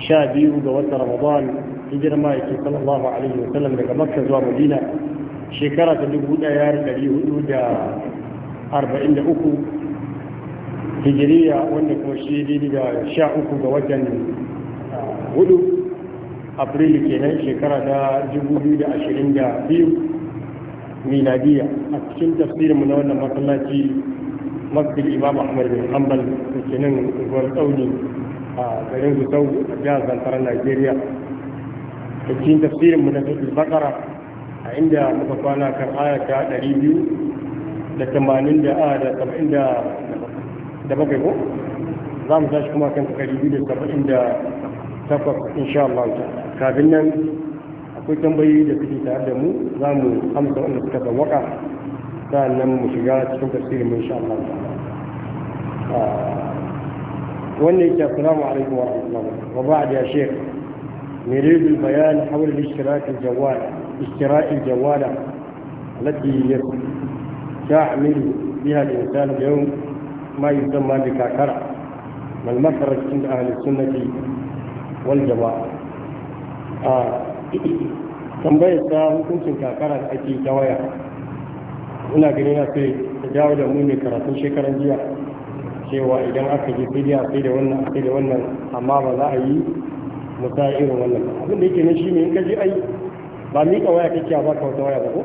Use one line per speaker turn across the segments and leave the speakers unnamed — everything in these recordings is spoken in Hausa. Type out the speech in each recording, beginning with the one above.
sha biyu ga watan ramadan hijirar ma'aiki sallallahu alaihi wa sallam daga makka zuwa madina shekara ta dubu daya da dari hudu da arba'in da uku hijiriya wanda kuma shi daidai da sha uku ga watan ah, hudu afrilu kenan shekara ta dubu biyu da ashirin da biyu miladiya a cikin tafsirinmu na wannan masallaci masjid imam ahmad bin hanbal da ke nan unguwar tsauni a garin gusau a jihar zamfara najeriya da cikin tafsirin mu na sosai bakara a inda muka kwana kan aya ta ɗari biyu da tamanin da a da saba'in da bakwai ko za mu tashi kuma kan ɗari biyu da saba'in da takwas insha Allah kafin nan akwai tambayoyi da suke tare da mu za mu amsa wanda suka sawwaka sa'an nan mu shiga cikin tafsirin mu insha Allah wannan yake assalamu alaikum wa rahmatullahi wa ba'd ya sheikh نريد البيان حول الاشتراك الجوال اشتراء الجوالة التي تعمل بها الإنسان اليوم ما يسمى بكاكرة ما المخرج عند أهل السنة والجماعة tambayar ta hukuncin kakara da ake ta waya ina ganin na sai da mu karatun shekaran jiya cewa idan aka je sai a sai da wannan sai da wannan amma ba za a yi musa irin wannan abin da yake nan ne in ka je ai ba miƙa waya kake ba ka wata waya ba ko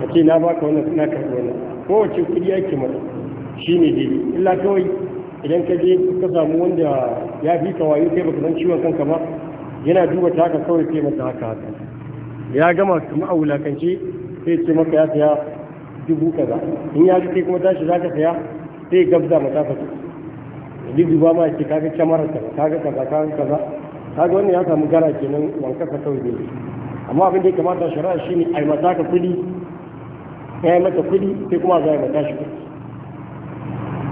ka ce na ba ka wannan na karɓi wannan kowace kuɗi ake mata ne dai illa kawai idan ka je ka samu wanda ya fi ka wayo kai baka san ciwon kanka ba yana duba ta haka kawai sai mata haka haka ya gama kuma a wulakance sai ce maka ya saya dubu kaza in ya ji kai kuma tashi za ka saya sai gabza mata su duk duba ma ce kaga kyamarar ta kaga kaza kaga kaza kaga wannan ya samu gara kenan wanka ka kawai ne amma abin da ya kamata shari'a shine ai mata ka kudi kai mata kudi sai kuma za a mata shi kudi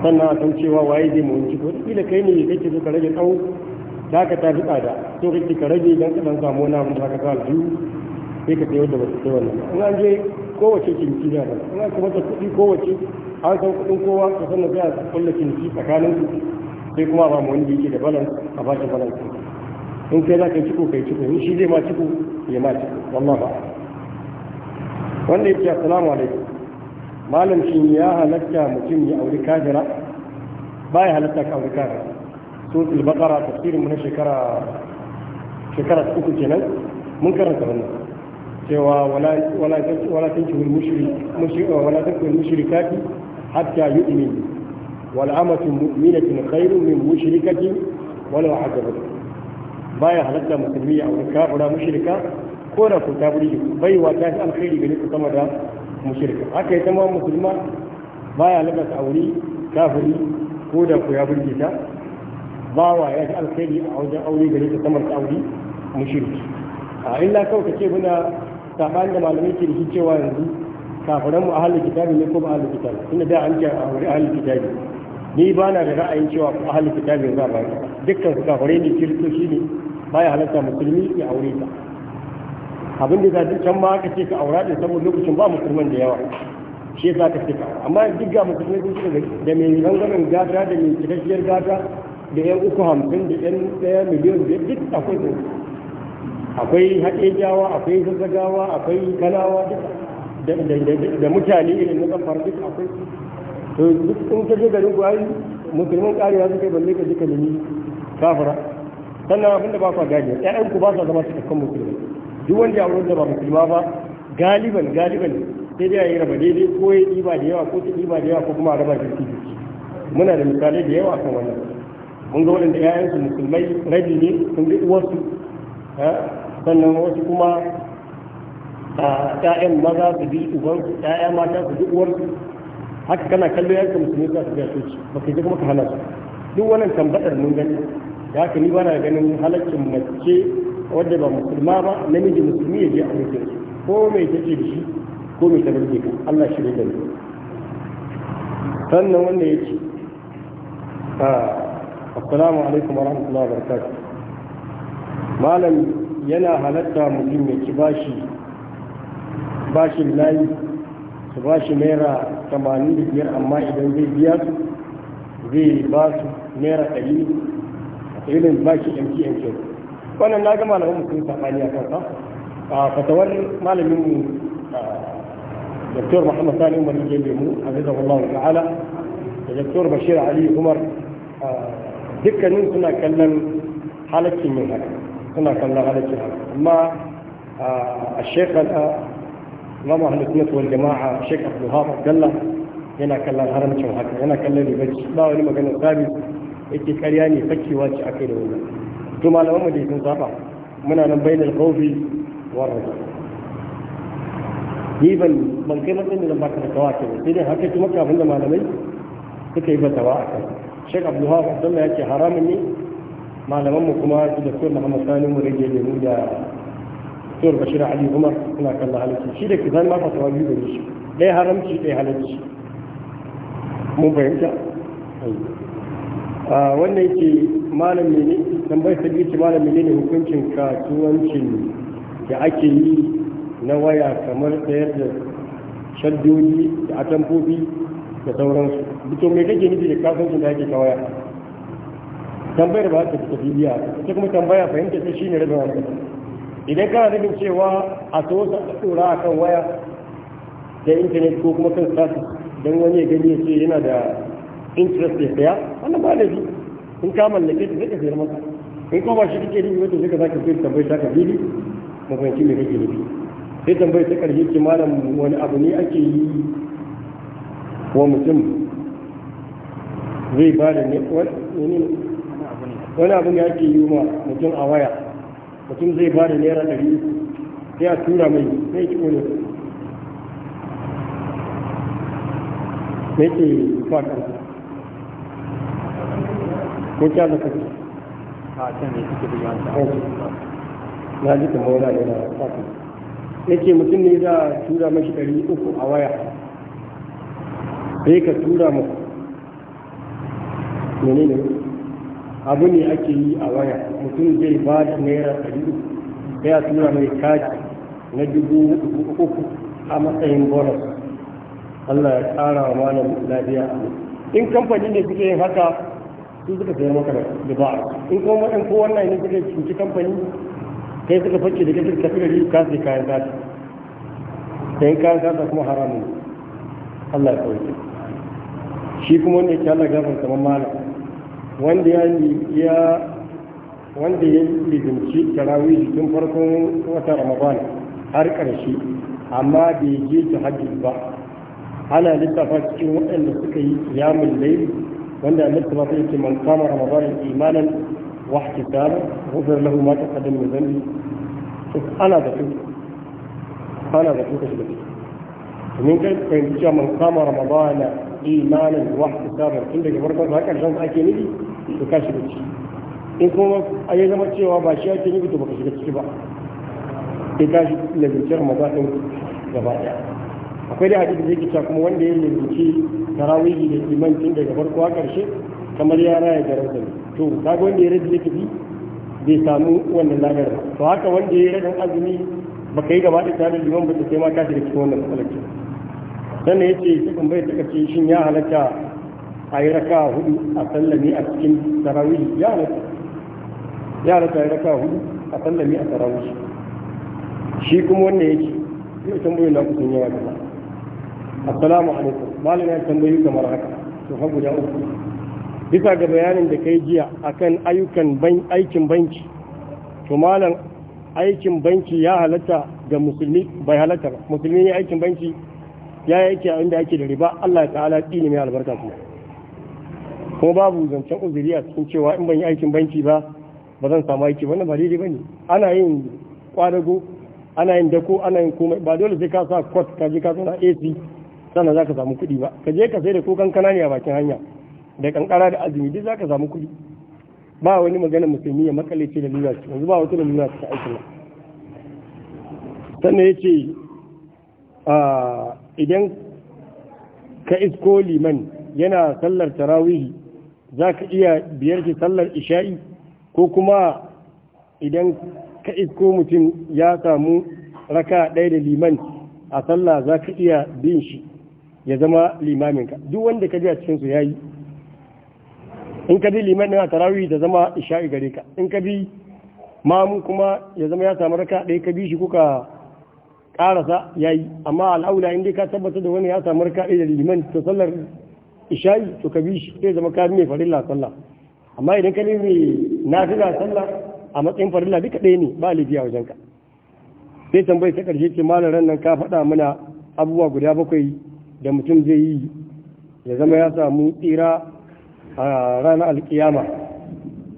sannan a san cewa waye zai mu wanci kudi kila kai ne kake so ka rage tsawo da ka tafi tsada to kake ka rage idan ka dan samu wani abu da ka sa biyu sai ka sayo da ba su kai wannan in an je kowace kinki da in an kuma ta kudi kowace an san kuɗin kowa ka san biya a kulle kinki tsakanin su sai kuma ba mu wani yake da balan a bashi balan in kai za ka yi ciko kai ciko in shi zai ma ciko ya ma ciko wallah ba wanda yake assalamu alaikum malam shin ya halatta mutum ya auri kafira ba ya halatta ka auri kafira so al-baqara tafsirin na shekara shekara uku kenan mun karanta wannan cewa wala wala wala tanki mushrikati hatta yu'min wal amatu mu'minatin khairun min mushrikatin walau ajabat baya halatta musulmi ya aure kafira mushrika ko da ku tabiri baiwa ta fi alkhairi gare ku sama da mushrika haka ita ma musulma baya halatta aure kafiri ko da ku ya burge ta bawa ya fi alkhairi a wajen aure ta da illa ce da malamai da cewa yanzu kafiran mu ahlul kitabi ne ko ba ahlul kitabi tunda da an ce ahlul kitabi ni ba na da ra'ayin cewa ahlul kitabi za ba dukkan su kafirai ne kiristoci ne baya halatta musulmi ya aure ta abin da za can ma aka ce ka aura din saboda lokacin ba musulman da yawa shi yasa ka ce ka amma duk ga musulmai sun shiga da mai rangwamen gata da mai cikakkiyar gata da yan uku hamsin da yan daya miliyan da duk akwai akwai haɗe haɗejawa akwai zazzagawa akwai kanawa duka da mutane irin na kamfar duk akwai to in ka je garin ku musulman ƙariya suka yi balle ka ji kalimi kafira sannan abinda ba kwa gane ƴaƴan ku ba sa zama cikakken musulmai duk wanda ya wurin da ba musulma ba galiban galiban sai dai yayi raba daidai ko ya ɗiba da yawa ko ta ɗiba da yawa ko kuma a raba jirki jirki muna da misalai da yawa kan wannan mun ga waɗanda ƴaƴansu musulmai rabi ne sun bi uwarsu eh, sannan wasu kuma
ƴaƴan
maza su bi uban su ƴaƴa mata su bi uwar su haka kana kallo yanka musulmi za su gasu ci baka ji kuma ka hana su duk wannan tambadar mun gani da haka ni ba na ganin halaccin mace wadda ba musulma ba namiji musulmi ya je a mutum ko mai take da shi ko mai ta burge ka Allah shi da gani sannan wanda ya ce assalamu alaikum wa rahmatullahi wa barakatuh malam yana halatta mutum ya ci bashi bashin layi su bashi naira tamanin da biyar amma idan zai biya su zai ba su naira ɗari a irin bashi yanki yanki wannan na ga malamin mutum saɓani a kansa a fatawar malamin mu دكتور محمد ثاني عمر الجيبيمو حفظه الله تعالى الدكتور بشير علي عمر dukkanin suna سنة كلم حالتي من هكا سنة كلم حالتي هكا أما امام اهل السنه الجماعة شيخ عبد الوهاب عبد الله هنا كان له هرم شوهاك هنا كان له بج ما هو لما كان يقابل يجي فكي واجع كده ولا ثم على امه دي تنصافا من انا بين الخوف والرجاء جيبا من كلمة من لما كان تواكب سيدي هكي تمكى من لما لمي تكي بتواكب الشيخ عبد الوهاب عبد الله يجي هرمني ما لما امه كما محمد ثاني مريجي اليهود sai bashir ali umar suna kalla halittu shi da kizan ma fatawa biyu da shi ɗaya haramci ɗaya halittu mun fahimta wannan yake malam mene tambayar ta biyu ce malam mene ne hukuncin kasuwancin da ake yi na waya kamar sayar da shaddodi da atamfofi da sauransu bito mai kake nufi da kasuwancin da ake ta waya tambayar ba ta tafi biya ta kuma tambaya fahimta ta shi ne rabin wani idan kana da cewa a tosa a tura a kan waya da intanet ko kuma kan status don wani ya gani ya ce yana da interest ya saya wanda ba laifi in ka mallake ta zai ka sayar maka in kuma ba shi kake nufi wata zai ka zaka sayar tambayar ta ka fili mafanci mai kake nufi sai tambayi ta karshe ce malam wani abu ne ake yi wa mutum zai ba da ne wani abu ne ake yi wa mutum a waya mutum zai ba da naira ɗari sai a tura mai sai ki ke ƙarfi ko kya da a can ne suke na ji yana yake mutum ne za a tura mashi ɗari uku a waya sai ka tura mu menene ne abu ne ake yi a waya mutum zai ba da naira ɗari uku sai a tura mai caji na dubu uku a matsayin bonus Allah ya tsara wa malam lafiya in kamfani ne suke yin haka su suka sayar maka da ba in kuma in ko wannan ne suka cuci kamfani kai suka fake da gajin kafin da ka sai kayan zata sai kayan zata kuma haramun Allah ya kawai shi kuma wanda ya kyalla gafar kamar malam wanda ya ya wanda ya lizinci tarawih tun farkon wata ramadan har ƙarshe amma bai je tahajjud ba ana lissafa cikin waɗanda suka yi qiyamul layl wanda annabi man ramadan imanan lahu ana da su ana da su kashi da su domin kai fahimci cewa man qama ramadan imanan wa ihtisaban tun daga farkon har ƙarshen ake nufi to kashi da ciki in kuma a yi zama cewa ba shi yake nufi to baka shiga ciki ba ka shi lalince ramadan din gaba daya akwai da hadisi da yake cewa kuma wanda ya lalince tarawihi da iman tun daga farko a karshe kamar ya raya da rabbi to kaga wanda ya rage da bi bai samu wannan ladar ba to haka wanda ya rage azumi baka yi gaba da tare da liman ba sai ma ka da cikin wannan matsalar sannan ya ce sai kan bai ta shin ya halatta a yi raka hudu a sallami a cikin tarawih ya halatta ya halatta a yi raka hudu a sallami a tarawih shi kuma wannan ya ce yau tambayoyin na kusan yawa gaba assalamu alaikum malam ya tambayi kamar haka to ha guda uku bisa ga bayanin da kai jiya akan ayyukan aikin banki to malam aikin banki ya halatta ga musulmi bai halatta ba musulmi ne aikin banki ya yake a inda ake da riba Allah ta'ala tsini mai albarka kuma kuma babu zancen uzuri a cikin cewa in ban yi aikin banki ba ba zan samu aiki wannan ba daidai bane ana yin kwadago ana yin dako ana yin komai ba dole sai ka sa kwat ka je ka A AC sannan zaka samu kuɗi ba ka je ka sai da ko kankana ne a bakin hanya da kankara da azumi duk zaka samu kuɗi ba wani magana musulmi ya makale ce da lura ce yanzu ba wata da lura ta aikin nan sannan yace ah, idan ka isko liman yana sallar tarawihi za ka iya biyar ki sallar isha'i ko kuma idan ka isko mutum ya samu raka ɗaya da liman a sallah za ka iya bin shi ya zama limaminka duk wanda ka ji a cikinsu ya yi in ka bi liman na a ta zama isha'i gare ka in ka bi mamu kuma ya zama ya samu raka ɗaya ka bi shi kuka ƙarasa ya yi amma al'aula inda ka tabbatar da wani ya samu raka ɗaya da liman ta sallar isha'i to ka bi shi zai zama ka mai farilla sallah amma idan ka nemi nafila sallah a matsayin farilla duka ɗaya ne ba laifi a wajenka sai tambayi ta karshe ce malaran nan ka faɗa mana abubuwa guda bakwai da mutum zai yi ya zama ya samu tsira a ranar alkiyama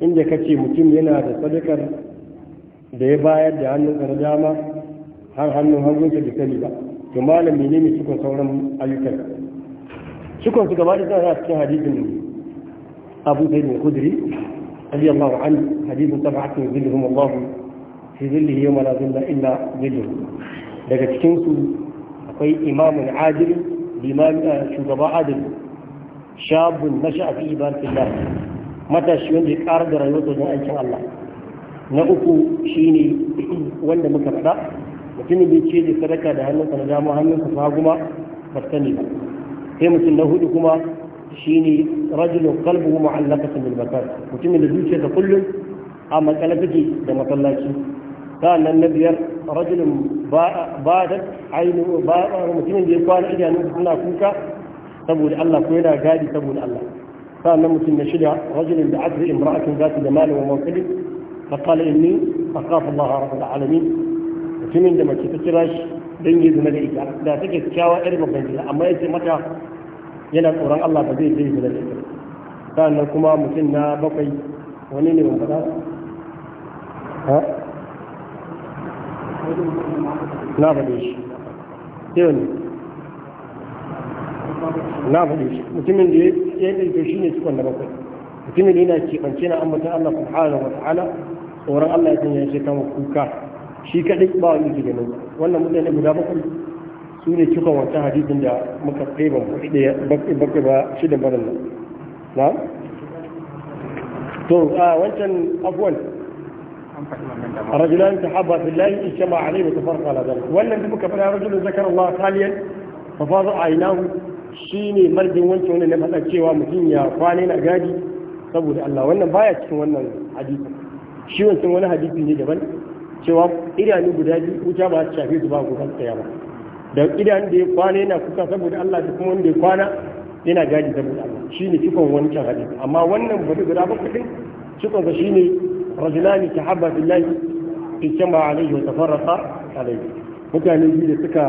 inda ka ce mutum yana da sadakar da ya bayar da hannun na dama har hannun hannunsa da sani ba to malam menene cikin sauran ayyukan cikon su gaba da zai a cikin hadisin abu zai mai kudiri ali allahu an hadisin tafa akin zillihum allahu fi zillihi yau mala zilla illa zillihum daga cikin su akwai imamun adil liman shugaba adil shabun nasha a fi ibadatillah matashi wanda ya karar da rayuwar wajen aikin Allah na uku shine wanda muka faɗa mutumin da ce da sadaka da hannunsa na dama hannunsa faguma ba sani sai mutum na hudu kuma shi ne rajulun qalbuhu mu'allaqatan bil makan mutumin da zuciyarsa kullum a matsala take da masallaci sa'annan na biyar rajulun ba da ainihin ba mutumin da ya kwana idanun suna kuka saboda Allah ko yana gadi saboda Allah sa'annan mutum na shida rajulun da asri imra'atin zati da malin wa mawkili fa qala inni akhafu Allah rabbul alamin mutumin da mace ta kira shi dan yi da ita da take kyakkyawa irin babban gida amma yace mata yana tsoron Allah ba zai je zina da ita sannan kuma mutum na bakwai wani ne ban faɗa ha na faɗe shi sai wani na faɗe shi mutumin da ya ɗauke shi ne cikon da bakwai mutumin da yana keɓance na ambatan Allah subhanahu wa ta'ala tsoron Allah ya sanya shi kama kuka shi kaɗai ba wani gidanin wannan mutane guda bakwai su ne cikon wancan hadisin da muka kai ban kuɗi bakwai ba shidan barin nan na? to a wancan abuwan a rajulan ta haɓa fi layi ishe ma alai wata farka na zan wannan da muka fara rajulun zakar Allah kaliyan fa fazo a inahu shi ne marjin wancan wani na faɗa cewa mutum ya kwane na gadi saboda Allah wannan baya cikin wannan hadisi shi wancan wani hadisi ne daban cewa idanu guda biyu wuta ba ta shafe su ba gobe tsaya ba da idan da ya kwana yana kusa saboda Allah da kuma wanda ya kwana yana gadi saboda Allah Shi ne cikon wancan hadisi amma wannan bari guda ba kudin cikon sa shine rajulani tahabba billahi ijtama alaihi wa tafarraqa alaihi mutane biyu da suka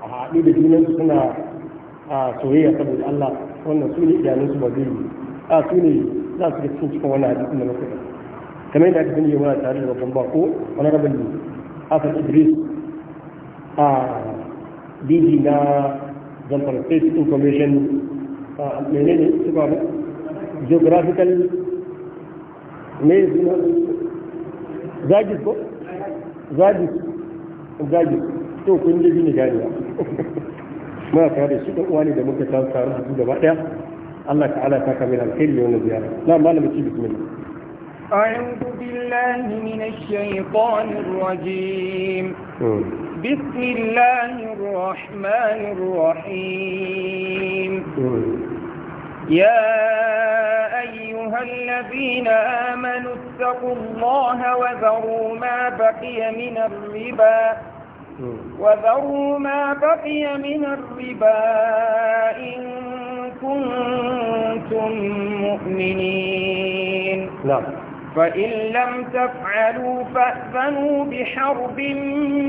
haɗu da junan suna a soyayya saboda Allah wannan su ne idanun su ba zai a su ne za su ga cikin cikin wannan hadisin da muka kamar yadda aka sani yawa tare da babban bako wani rabin asar idris a diji na zamfar state information mene ne suka ba geographical ne suna zagis ko zagis zagis to kun ji ni gani muna tare da shi da uwa ne da muka tafi tare da su gaba daya Allah ta'ala ta kamila alkhairi wannan ziyara na malamin ci bismillah
أعوذ بالله من الشيطان الرجيم بسم الله الرحمن الرحيم يا أيها الذين آمنوا اتقوا الله وذروا ما بقي من الربا وذروا ما بقي من الربا إن كنتم مؤمنين نعم فإن لم تفعلوا فأذنوا بحرب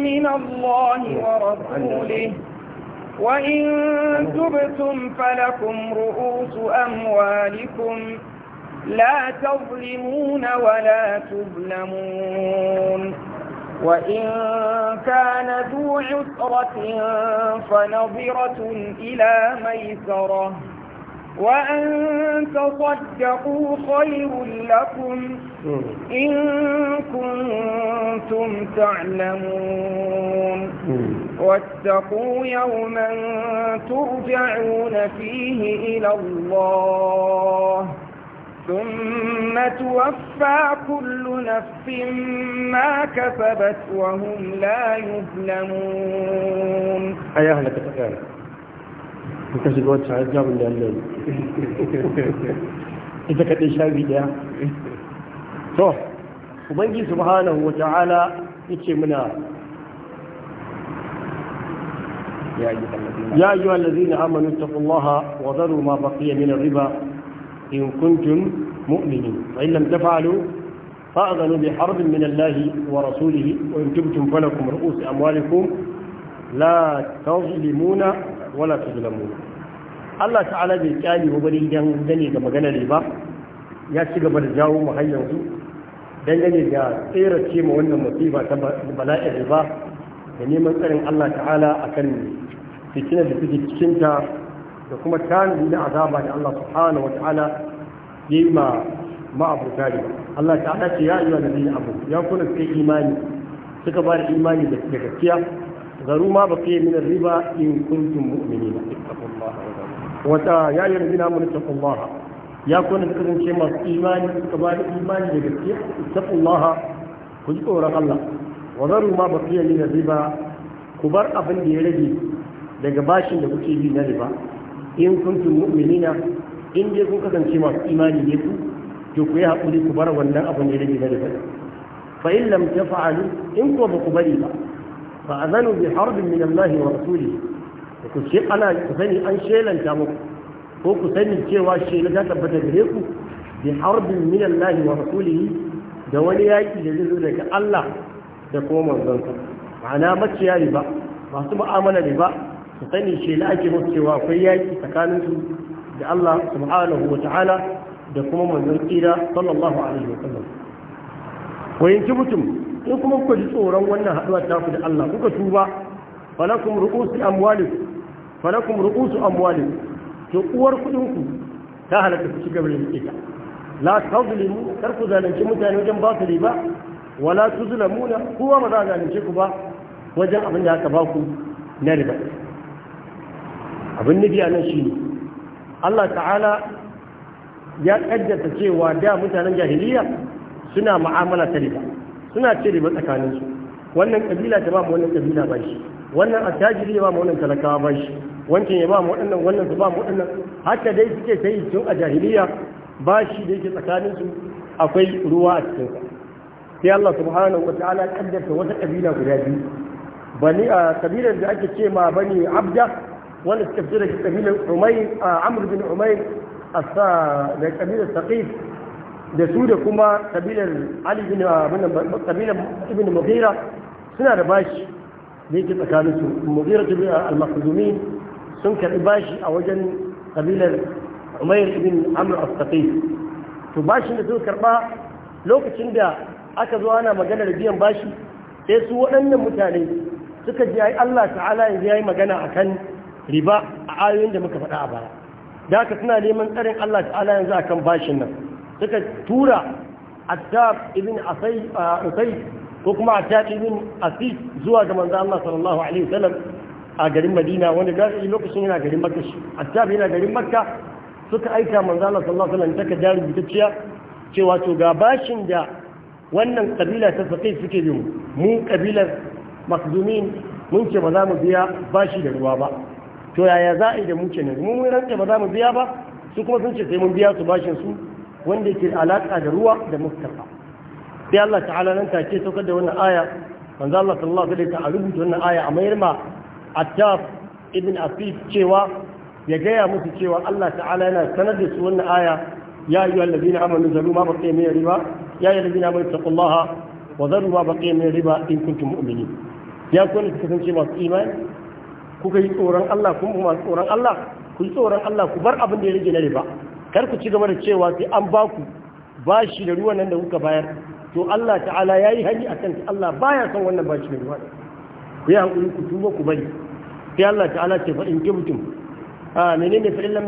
من الله ورسوله وإن تبتم فلكم رؤوس أموالكم لا تظلمون ولا تظلمون وإن كان ذو عسرة فنظرة إلى ميسره وأن تصدقوا خير لكم إن كنتم تعلمون واتقوا يوما ترجعون فيه إلى الله ثم توفى كل نفس ما كسبت وهم لا يظلمون
أيها الأخوة تكالب ka shiga wacce har jamun da Allah ita kaɗai shafi ɗaya to ubangi subhanahu wa ta'ala yace muna يا أيها الذين آمنوا اتقوا الله وذروا ما بقي من الربا إن كنتم مؤمنين وإن لم تفعلوا فأذنوا بحرب من الله ورسوله وإن تبتم فلكم رؤوس أموالكم لا تظلمون wala tuzlamu Allah ta'ala bai kyale mu bari idan gane ga magana riba ya ci gaba da jawo mu har yanzu dangane da ce mu wannan musiba ta bala'in riba da neman tsarin Allah ta'ala akan fitina da take cikinta da kuma tanadi na azaba da Allah subhanahu wata'ala ya yi ma ma'abuta ne Allah ta'ala ce ya yi wa abu ya kuna suka imani suka ba da imani da gaskiya garu ma ba kai min riba in kuntum mu'minina wata ya yi rabina mun taqullaha ya kuna da kasance masu imani suka ba da imani da gaske taqullaha ku ji tsoron Allah wa zaru ma ba kai min riba ku bar abin da ya rage daga bashin da kuke bi na riba in kuntum mu'minina in dai kun kasance masu imani ne ku to ku yi haƙuri ku bar wannan abin da ya rage na riba fa in lam tafa'alu in ko ba ku bari ba a azanu bi harbin min Allah wa rasuli ku ce ana ku sani an shelanta muku ko ku sani cewa shela ta tabbata gare ku bi harbin min Allah wa rasulihi da wani yaki da zai daga Allah da kuma manzon ma'ana maciya ba, masu mu'amala riba sani shela ake musu akwai yaki tsakaninsu da Allah subhanahu da kuma manzon kira sallallahu alaihi wa sallam ko mutum in kuma kuka ji tsoron wannan haduwa ta ku da Allah kuka tuba falakum ru'usu amwalik falakum ru'usu amwalik to uwar kudin ku ta halaka ku shiga bare ita la tazlimu kar ku zalunci mutane wajen ba su riba wala tuzlamuna kuwa ba za a zalunce ku ba wajen abin da aka ba ku na riba abin nufi a nan shine Allah ta'ala ya kaddata cewa da mutanen jahiliya suna mu'amala ta riba suna ce riba tsakaninsu wannan kabila ta ba mu wannan kabila ba shi wannan attajiri ya ba mu wannan talakawa ba shi wancan ya ba mu waɗannan wannan su ba mu waɗannan haka dai suke kai tun a jahiliya ba shi da yake tsakaninsu akwai ruwa a cikinsa sai Allah subhanahu wata'ala kaddarta wata kabila guda biyu bani a kabilar da ake ce ma bani abda wanda suka fito daga kabilar umayr amr bin umayr da kabilar saqif da su da kuma kabilar ali bin ah, kabilar ibn mughira suna da bashi da yake tsakanin su mughira bin al-makhzumi sun karbi bashi a wajen kabilar umayr ibn amr al saqif to bashin da suka karba lokacin da aka zo ana magana maganar biyan bashi sai su waɗannan mutane suka ji ai Allah ta'ala yanzu yayi magana akan riba a ayoyin da muka faɗa a baya da haka suna neman tsarin Allah ta'ala yanzu akan bashin nan suka tura attab ibn asai ko kuma attab ibn asis zuwa ga manzo Allah sallallahu alaihi wasallam a garin Madina wanda gashi lokacin yana garin Makka attab yana garin Makka suka aika manzo Allah sallallahu alaihi wasallam ta kadari bitacciya cewa to ga bashin da wannan kabila ta sakai suke bi mu kabilar makzumin mun ce ba za mu biya bashi da ruwa ba to yaya za a yi da mu kenan mu mun ranta ba za mu biya ba su kuma sun ce sai mun biya su bashin su wanda yake da alaka da ruwa da mustafa sai Allah ta'ala nan ta take saukar da wannan aya manzo Allah sallallahu alaihi wasallam a rubuta wannan aya a mayar ma Attaf ibn Afif cewa ya gaya musu cewa Allah ta'ala yana sanar da su wannan aya ya ayyuhal ladina amanu zaru ma baqiya min riba ya ayyuhal ladina amanu taqullaha wa zaru ma baqiya min riba in kuntum mu'minin ya kun kasance masu imani kuka yi tsoron Allah kun masu tsoron Allah ku yi tsoron Allah ku bar abin da ya rage na riba kar ku ci gaba da cewa sai an ba ku bashi da ruwan nan da kuka bayar to Allah ta'ala ya yi yayi hani akan Allah baya son wannan bashi da ruwan ku yi haƙuri ku tuba ku bari sai Allah ta'ala ce fa in kibtum a menene fa illam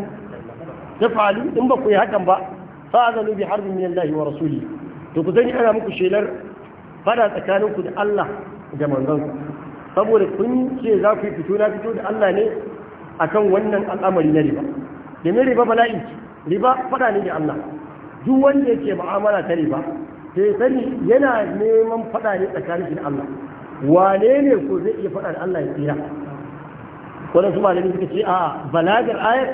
taf'alu in ba ku yi hakan ba fa azalu bi harbin min Allah wa rasuli to ku zani ana muku shelar fada tsakaninku da Allah da manzon saboda kun ce za ku yi fito na fito da Allah ne akan wannan al'amari na riba da riba bala'i riba fada ne da Allah duk wanda yake mu'amala ta riba sai sani yana neman fada ne tsakanin shi da Allah wane ne ko zai iya fada da Allah ya tsira wannan su malami suka ce a balagar ayar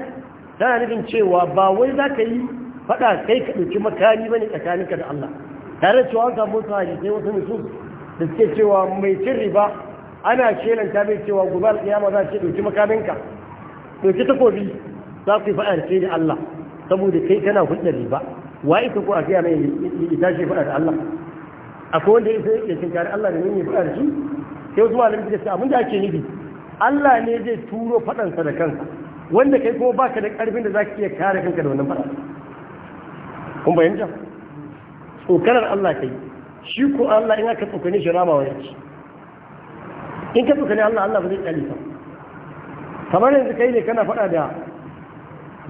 tana nufin cewa ba wai za ka yi fada kai ka ɗauki makami bane tsakaninka da Allah tare da cewa an samu wasu hadisai wasu mutum? da suke cewa mai cin riba ana shelanta mai cewa gobe alƙiyama za ce ɗauki makaminka ɗauki takobi za ku yi fa'arce da Allah saboda kai kana hudda riba wa ita ko a gaya mai ita shi faɗa da Allah akwai wanda ya kare Allah da ne ya faɗa da shi sai wasu malamai suka abin da ake nufi Allah ne zai turo faɗansa da kansa wanda kai kuma baka da ƙarfin da za ka iya kare kanka da wannan fada kun bayyanta tsokanar Allah kai shi ko Allah in aka tsokane shi rama wa ci in ka tsokane Allah Allah ba zai kyale ka kamar yanzu kai ne kana faɗa da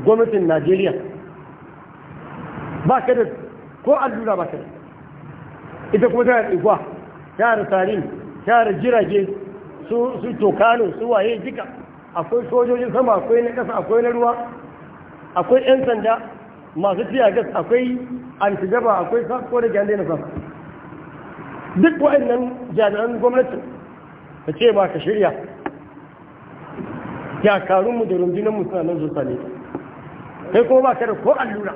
gwamnatin Najeriya ba ka da ko allura ba ka da ita kuma tana ɗigwa tana sarin yi jirage su tokano su waye jika akwai sojojin sama akwai na ƙasa akwai na ruwa akwai 'yan sanda masu tiya gas akwai antijaba akwai sako da gyanle na sama duk wa'annan jami'an gwamnati ta ce ba ka shirya mu da rundunan suna nan zuwa ne sai kuma ba ka da ko allura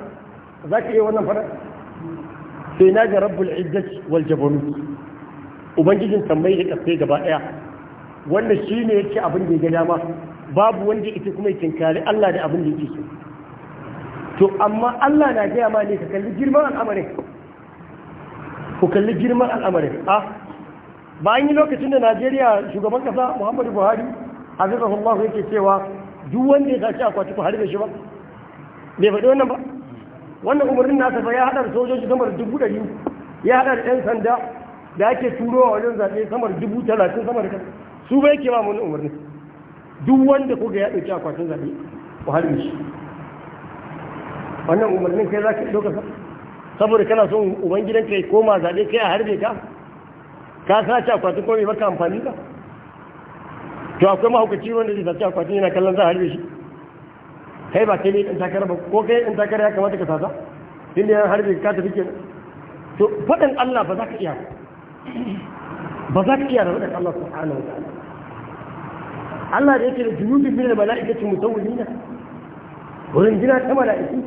za ka iya wannan fara sai na ga rabbul izzati wal jabarut ubangijin sammai da kasai gaba daya wanda shine yake abin da ya ga dama babu wanda ita kuma ya tinkari Allah da abin da yake so to amma Allah na gaya ma ne ka kalli girman al'amarin ku kalli girman al'amarin ah bayan yi lokacin da Najeriya shugaban kasa Muhammadu Buhari hafizahullahu yake cewa duk wanda ya saci akwati ku harbe shi ba bai faɗi wannan ba wannan umarnin nasa fa ya hada sojoji samar dubu ɗari ya da ɗan sanda da ake turowa wajen zaɓe samar dubu talatin samar kan su bai ke ba mu umarnin. duk wanda ko ga ya ɗauki akwatin zaɓe ko harbe shi wannan umarnin kai za ka ɗauka saboda kana son uban gidan kai koma zaɓe kai a harbe ka ka sace akwatin ko bai baka amfani ba to akwai mahaukaci wanda zai sace akwatin yana kallon za a harbe shi kai ba kai ne ɗan takara ba ko kai ɗan takara ya kamata ka sata tun da yan harbi ka tafi kenan to faɗin Allah ba za ka iya ba za ka iya da faɗin Allah subhanahu wa ta'ala Allah da yake da junubin bin mala'ikacin musawwimina wurin jina ta mala'iku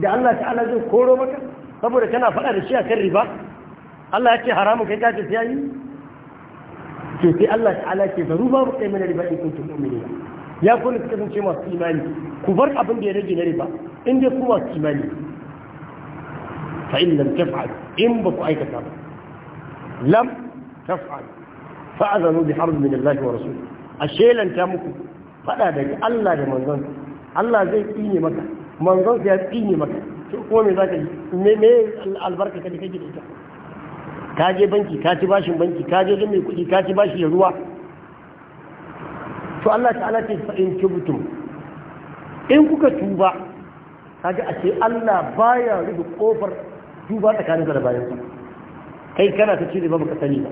da Allah ta'ala zai koro maka saboda kana faɗa da shi a kan riba Allah ya ce haramu kai kace sai yi to sai Allah ta'ala ke zaru babu kai mana riba in kuntum mu'minina ya kuna su kasance masu imani ku bar abin da ya rage na riba in dai ku masu imani fa in lam taf'al in ba ku aikata ba lam taf'al fa'azanu bi harbin min Allah wa rasul ta muku fada daga Allah da manzon Allah zai tsine maka manzon ya tsine maka to kuma me zaka yi me me albarka ka da kake da ita ka je banki ka ci bashin banki ka je mai kuɗi ka ci bashi ya ruwa to Allah ta'ala ce in tubtum in kuka tuba kaga a ce Allah baya rufe kofar tuba tsakanin da bayan ka, kai kana ta ce ba baka sani ba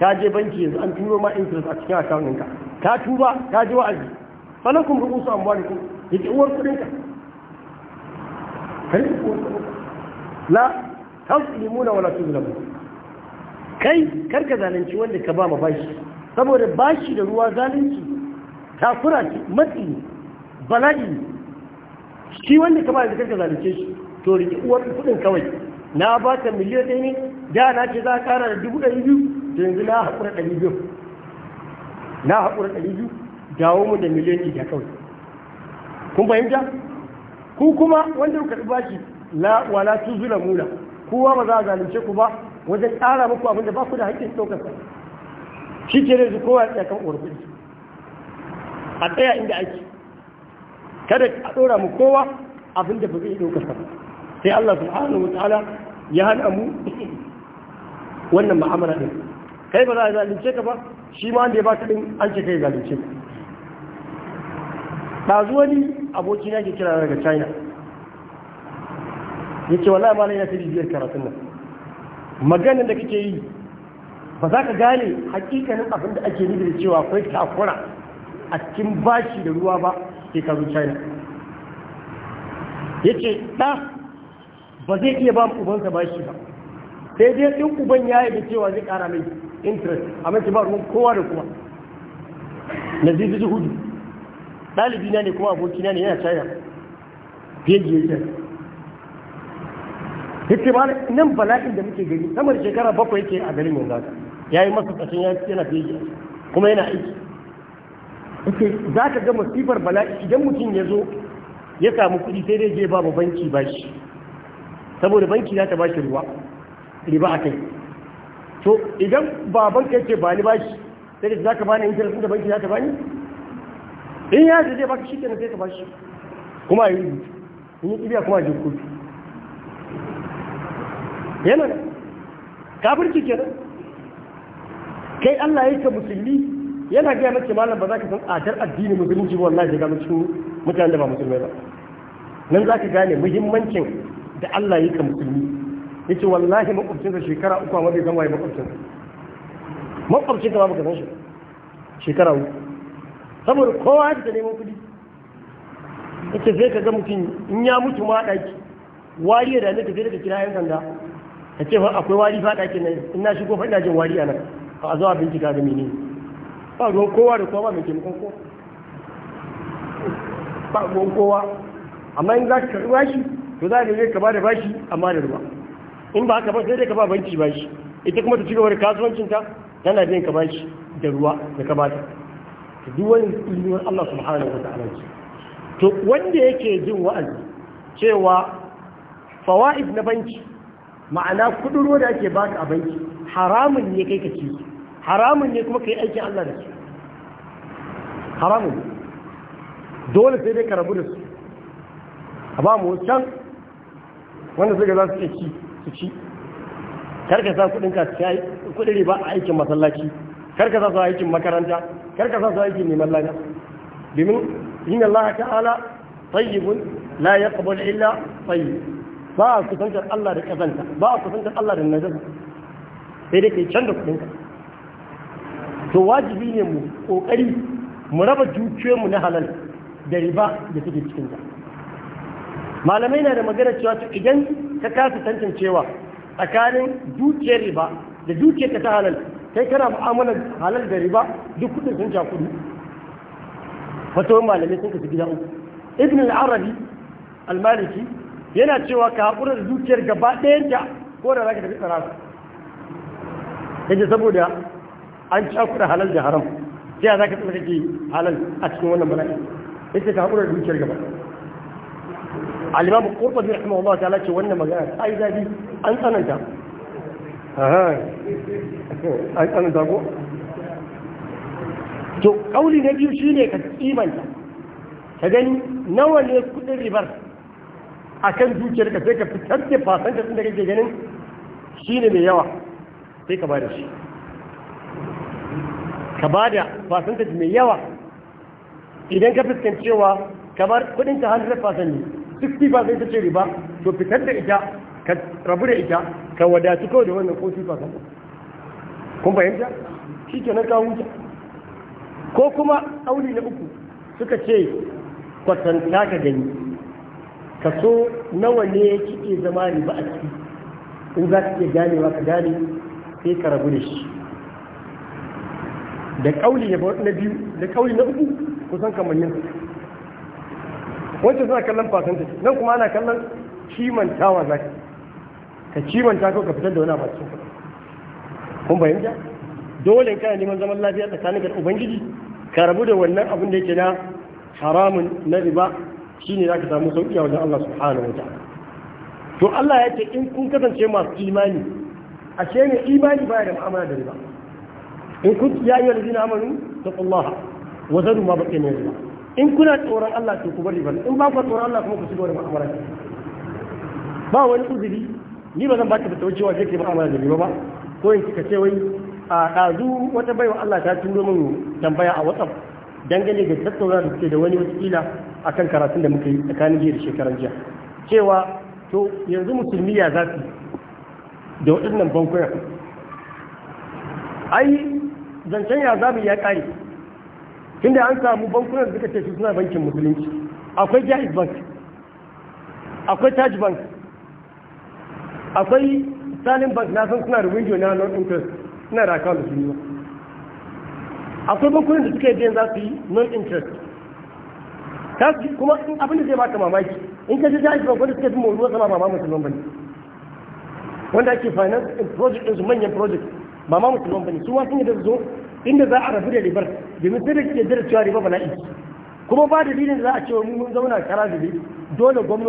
ka je banki yanzu an turo ma interest a cikin account ɗinka ka tuba ka je wa'azi falakum rubusu amwalikum yake uwar kudin ka kai la taslimuna wala tuzlamu kai karka zalunci wanda ka ba ma bashi saboda bashi da ruwa zalunci kafura ce matsi bala'i shi wanda kama da kanka zalunce shi to riƙe uwar kuɗin kawai na ba ka miliyan ɗaya ne da na ce za ka kara da dubu ɗari biyu to yanzu na haƙura ɗari biyu na haƙura ɗari biyu dawo mu da miliyan ɗaya kawai kun fahimta ku kuma wanda kuka karɓi bashi la wala tuzula mula kowa ba za a zalunce ku ba wajen ƙara muku abin da ba ku da haƙƙin ɗaukar sa shi ke ne su kowa ya kan uwar kuɗi a tsaya inda ake kada a ɗora mu kowa abin da ba zai ɗaukaka sai Allah subhanahu wa ta'ala ya hana mu wannan ma'amala ɗin kai ba za a zalunce ka ba shi ma wanda ya ka ɗin an ce kai zalunce ka zuwa ni aboki na ke kira daga china ya ce wala ma na ta biyar karatun nan maganin da kake yi ba za ka gane hakikanin abin da ake nufi da cewa akwai takura a cikin bashi da ruwa ba sai ka zo china ya ce ɗa ba zai iya ba ubansa bashi ba sai dai ɗin uban ya yi da cewa zai ƙara mai interest a mace ba ruwan kowa da kuma. na zizi hudu ɗalibi na ne kuma abokina ne yana china fiye da yake ba nan bala'in da muke gani saman shekara bakwai yake a garin yanzu ya yi masa ƙashin yana fiye kuma yana aiki za ka ga masifar bala'i idan mutum ya zo ya samu kuɗi sai dai je ba banki ba shi saboda banki za ta ba shi ruwa riba a kai to idan baban ka yake ba ni ba shi sai dai za ka bani interest da banki za ta bani in ya ce zai baka shi kenan sai ka ba shi kuma yi rubutu in yi ibiya kuma jin kudi yana da kafirci kenan kai Allah ya ka musulmi yana gaya mace malam ba za ka san tsadar addini musulunci ba wallahi ga mutum mutanen da ba musulmai ba nan za ka gane muhimmancin da Allah yi ka musulmi ya ce wallahi makwabcinsa shekara uku amma bai san waye makwabcin ka ba baka san shi shekara uku saboda kowa da neman kuɗi ita zai ka ga mutum in ya mutu ma daki wari da ne ka zai daga kira yan sanda ka ce akwai wari fa ɗakin nan in na shigo fa ina jin wari a nan a zuwa bincika ga menene ba ruwan kowa da kowa mai taimakon kowa ba ruwan kowa amma in za ka karɓi bashi to za ka je ka ba da bashi amma da ruwa in ba haka ba sai dai ka ba banki bashi ita kuma ta cigaba da kasuwancinta tana biyan ka bashi da ruwa da ka ba ta duk wani ilimin Allah subhanahu wa ta'ala to wanda yake jin wa'azi cewa fawaid na banki ma'ana kudin ruwa da ake baka a banki haramun ne kai ka ci haramun ne kuma ka yi aikin Allah da shi haramun dole sai dai ka rabu da su a ba mu can wanda suka za su iya ci su ci karka sa kudin ka kudin riba a aikin masallaci karka sa su aikin makaranta karka sa su aikin neman lada domin yin Allah ta'ala tayyibun la da illa tayyib ba a kusantar Allah da kazanta ba a kusantar Allah da najasa sai dai kai can da kudin ka to wajibi ne mu kokari mu raba mu na halal da riba da suke cikin ta malamai na da magana cewa to idan ka kasa tantancewa tsakanin dukiyar riba da dukiyar ka ta halal kai kana mu'amala halal da riba duk kudin sun ja kudu malamai sun kasu gida uku ibn al-arabi al-maliki yana cewa ka haƙura da dukiyar gaba ta ko da zaka tafi tsara yaje saboda an da halal da haram sai ya za ka tsarkake halal a cikin wannan bala'i ita ka haƙura da dukiyar gaba alimamu ƙurɓar bin rahimah Allah ta ce wannan magana ta yi zafi an tsananta an tsananta ko to ƙauli na biyu shine ka kimanta ka gani nawa ne kuɗin ribar a kan dukiyar ka sai ka fitar da fasanta da kake ganin shine mai yawa sai ka ba da shi ka ba da percentage mai yawa idan ka fuskancewa kamar kudin ta 100% ne 60% ta ce riba to fitar da ita ka rabu da ita ka wadatu kawai da wannan ko 40% kun fahimta shi ke nan kawo wuta ko kuma auli na uku suka ce kwatanta ka gani kaso nawa ne kike zama riba a ciki in za ka iya ganewa ka gane sai ka rabu da shi da kauli ya na biyu da kauli na uku kusan kamannin wancan suna kallon fasanta nan kuma ana kallon kimantawa za ka kimanta ko ka fitar da wani abu cikin kun bayyana dole kana neman zaman lafiya tsakanin ka ubangiji ka rabu da wannan abin da yake na haramun na riba shine zaka samu sauki a wajen Allah subhanahu wataala to Allah ya ce in kun kasance masu imani ashe ne imani baya da mu'amala da riba in kun ya yi walidina amanu ta kullaha wa zaru ma baƙi ne riba in kuna tsoron Allah to ku bari ba, in ba ku tsoron Allah kuma ku shiga wani mu'amala ba wani uzuri ni ba zan baka da tawacewa sai ke mu'amala da riba ba ko in kika ce wai a ɗazu wata baiwa Allah ta turo min tambaya a WhatsApp dangane da tattauna da suke da wani wasikila a kan karatun da muka yi tsakanin jiya da shekaran jiya cewa to yanzu musulmi ya zafi da waɗannan bankunan ai zancen ya zabi ya kare inda an samu bankunan suka ce suna bankin musulunci akwai jaiz bank akwai taj bank akwai salim bank na san suna da jona na non interest suna da account da su akwai bankunan da suka yi biyan za su yi non interest kuma abin da zai baka mamaki in ka ji jaiz bank wanda suka fi mawuruwa sama ba musulman bane wanda ake finance project su manyan project ba ma musulman su ma sun yadda zo inda za a rabu da ribar domin sai da ke jira cewa riba bala'i kuma ba dalilin da za a cewa mun zauna kara da dole ɗan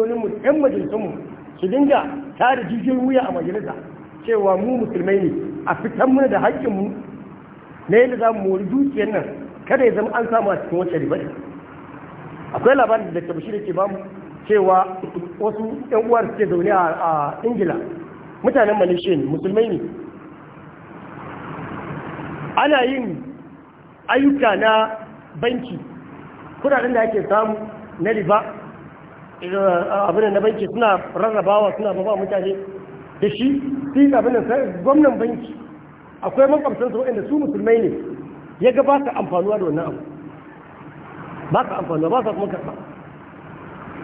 yan mu su dinga tare jijiyoyin wuya a majalisa cewa mu musulmai ne a fitan mana da haƙƙinmu na yadda za mu mori dukiyar nan kada ya zama an samu a cikin wacce ribar akwai labarin da tabbashi da ke ba mu cewa wasu yan uwar suke zaune a ingila mutanen malaysia ne musulmai ne ana yin ayyuka na banki kudaden da ake samu na riba abin na banki suna rarrabawa suna baba mutane da shi fi abin gwamnan banki akwai makwabtansa waɗanda su musulmai ne ya ga ba ka amfanuwa da wannan abu ba ka amfanuwa ba sa kuma karɓa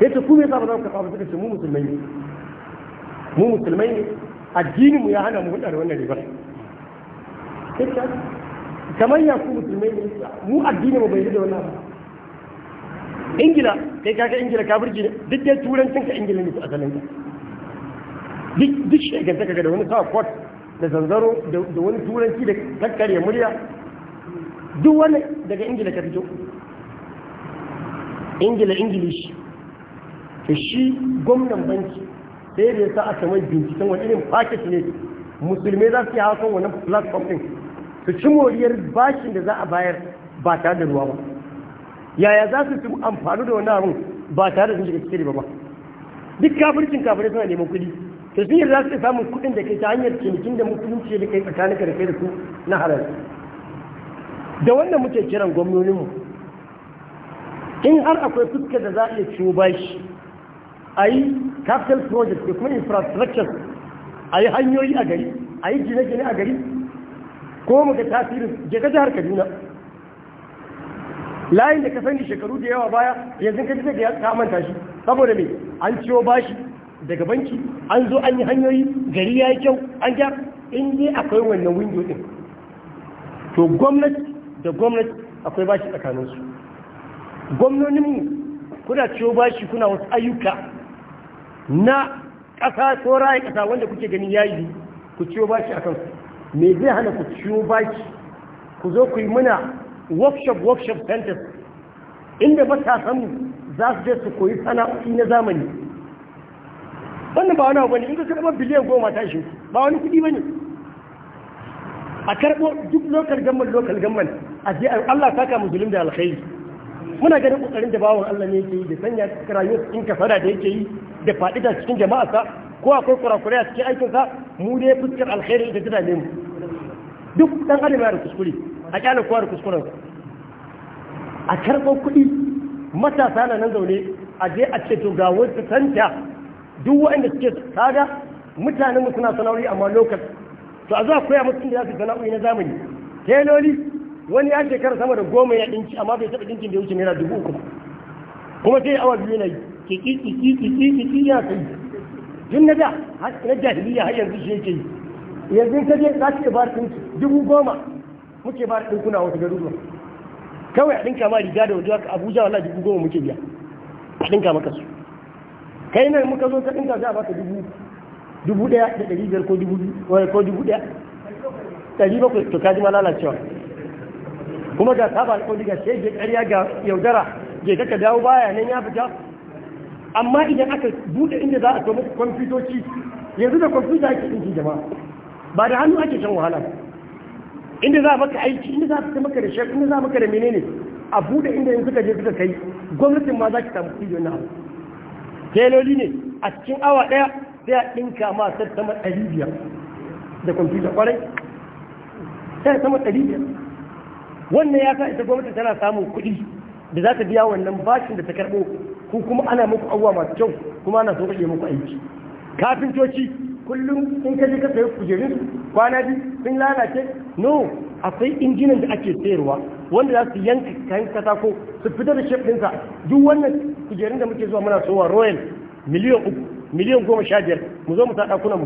ya ce kuma ya sa ba za ku karɓa ba suka ce mu musulmai ne mu musulmai ne addininmu ya hana mu hudar wannan ribar kamar ya ku musulmai ne mu addini mu bai da wannan ba ingila kai kaga ingila ka burge duk dai turancin ka ingila ne asalin ka duk duk shegar ta kaga da wani sawa court da zanzaro da wani turanci da ya murya duk wani daga ingila ka fito ingila ingilishi to shi gwamnan banki sai da ya sa aka mai binciken wani irin paket ne musulmai za su yi hakan wannan platform din su ci moriyar bashin da za a bayar ba tare da ruwa ba yaya za su ci amfani da wani abin ba tare da sun shiga cikin riba ba duk kafircin kafirai suna neman kuɗi to sun za su samun kuɗin da kai ta hanyar cinikin da mutunci da kai ka da kai da su na halar da wannan muke kiran gwamnoninmu in har akwai fuska da za a iya ciwo bashi a yi capital project da kuma infrastructure a yi hanyoyi a gari a yi gine-gine a gari ko mu ga tasirin je ka jihar Kaduna layin da ka sani shekaru da yawa baya yanzu ka ji da ka manta shi saboda me an ciwo bashi daga banki an zo an yi hanyoyi gari ya yi kyau an ga in dai akwai wannan window din to gwamnati da gwamnati akwai bashi tsakaninsu mu kuna ciwo bashi kuna wasu ayyuka na ƙasa ko raya ƙasa wanda kuke gani yayi ku ciwo bashi akan su me zai hana ku ciwo baki ku zo ku yi muna workshop workshop center inda matasan za su je su koyi sana'o'i na zamani wannan ba wani abu ne in ka karɓar biliyan goma ta shi ba wani kuɗi ba ne a karɓo duk lokal gamman lokal gamman a je Allah kama musulun da alkhairi muna ganin kokarin da bawon Allah ne yake yi da sanya rayuwar cikin kafara da yake yi da faɗi da cikin jama'a ko akwai kurakure a cikin sa mu ne fuskar alkhairi ita tana nemu duk dan adam da kuskure a kyalin kowa da kuskuren a karɓar kuɗi matasa na nan zaune a je a ce to ga wasu tanta duk waɗanda suke tsada mutanen mu suna sana'o'i amma lokaci to a za koya musu da za su sana'o'i na zamani teloli wani ya shekara sama da goma ya ɗinki amma bai taɓa ɗinkin da ya wuce naira dubu uku kuma sai awa biyu na yi ki ki ki kiki ya sai jin na da na jahiliya har yanzu shi yake yi yanzu ka je za su bar ɗinki dubu goma muke ba ɗinkuna wasu garuruwa kawai a ɗinka ma riga da wajewa abuja wala dubu goma muke biya a ɗinka maka su kai nan muka zo ka ɗinka za a baka dubu dubu ɗaya da ɗari biyar ko dubu ko dubu ɗaya ɗari bakwai to kaji ma lalacewa kuma ga saba alƙawari ga sai je ƙarya ga yaudara je ka dawo baya nan ya fita amma idan aka bude inda za a samu kwamfutoci yanzu da kwamfuta ake ɗinki jama'a ba da hannu ake shan wahala inda za a maka aiki inda za a fita maka da shek inda za a maka da menene a bude inda yanzu ka je suka kai gwamnatin ma za ki samu kuɗi wannan abu teloli ne a cikin awa ɗaya sai a ɗinka ma sai sama ɗari biyar da kwamfuta kwarai sai sama ɗari biyar wannan ya sa ita gwamnati tana samun kuɗi da za ta biya wannan bashin da ta karɓo ku kuma ana muku abuwa masu kyau kuma ana so kake muku aiki kafintoci kullum in ka je ka sayi kujerin kwana biyu sun lalace no akwai injinan da ake sayarwa wanda za su yanka kayan katako su fitar da shef ɗinsa duk wannan kujerun da muke zuwa muna sowa royal miliyan uku miliyan goma sha biyar mu zo mu sa ɗakuna mu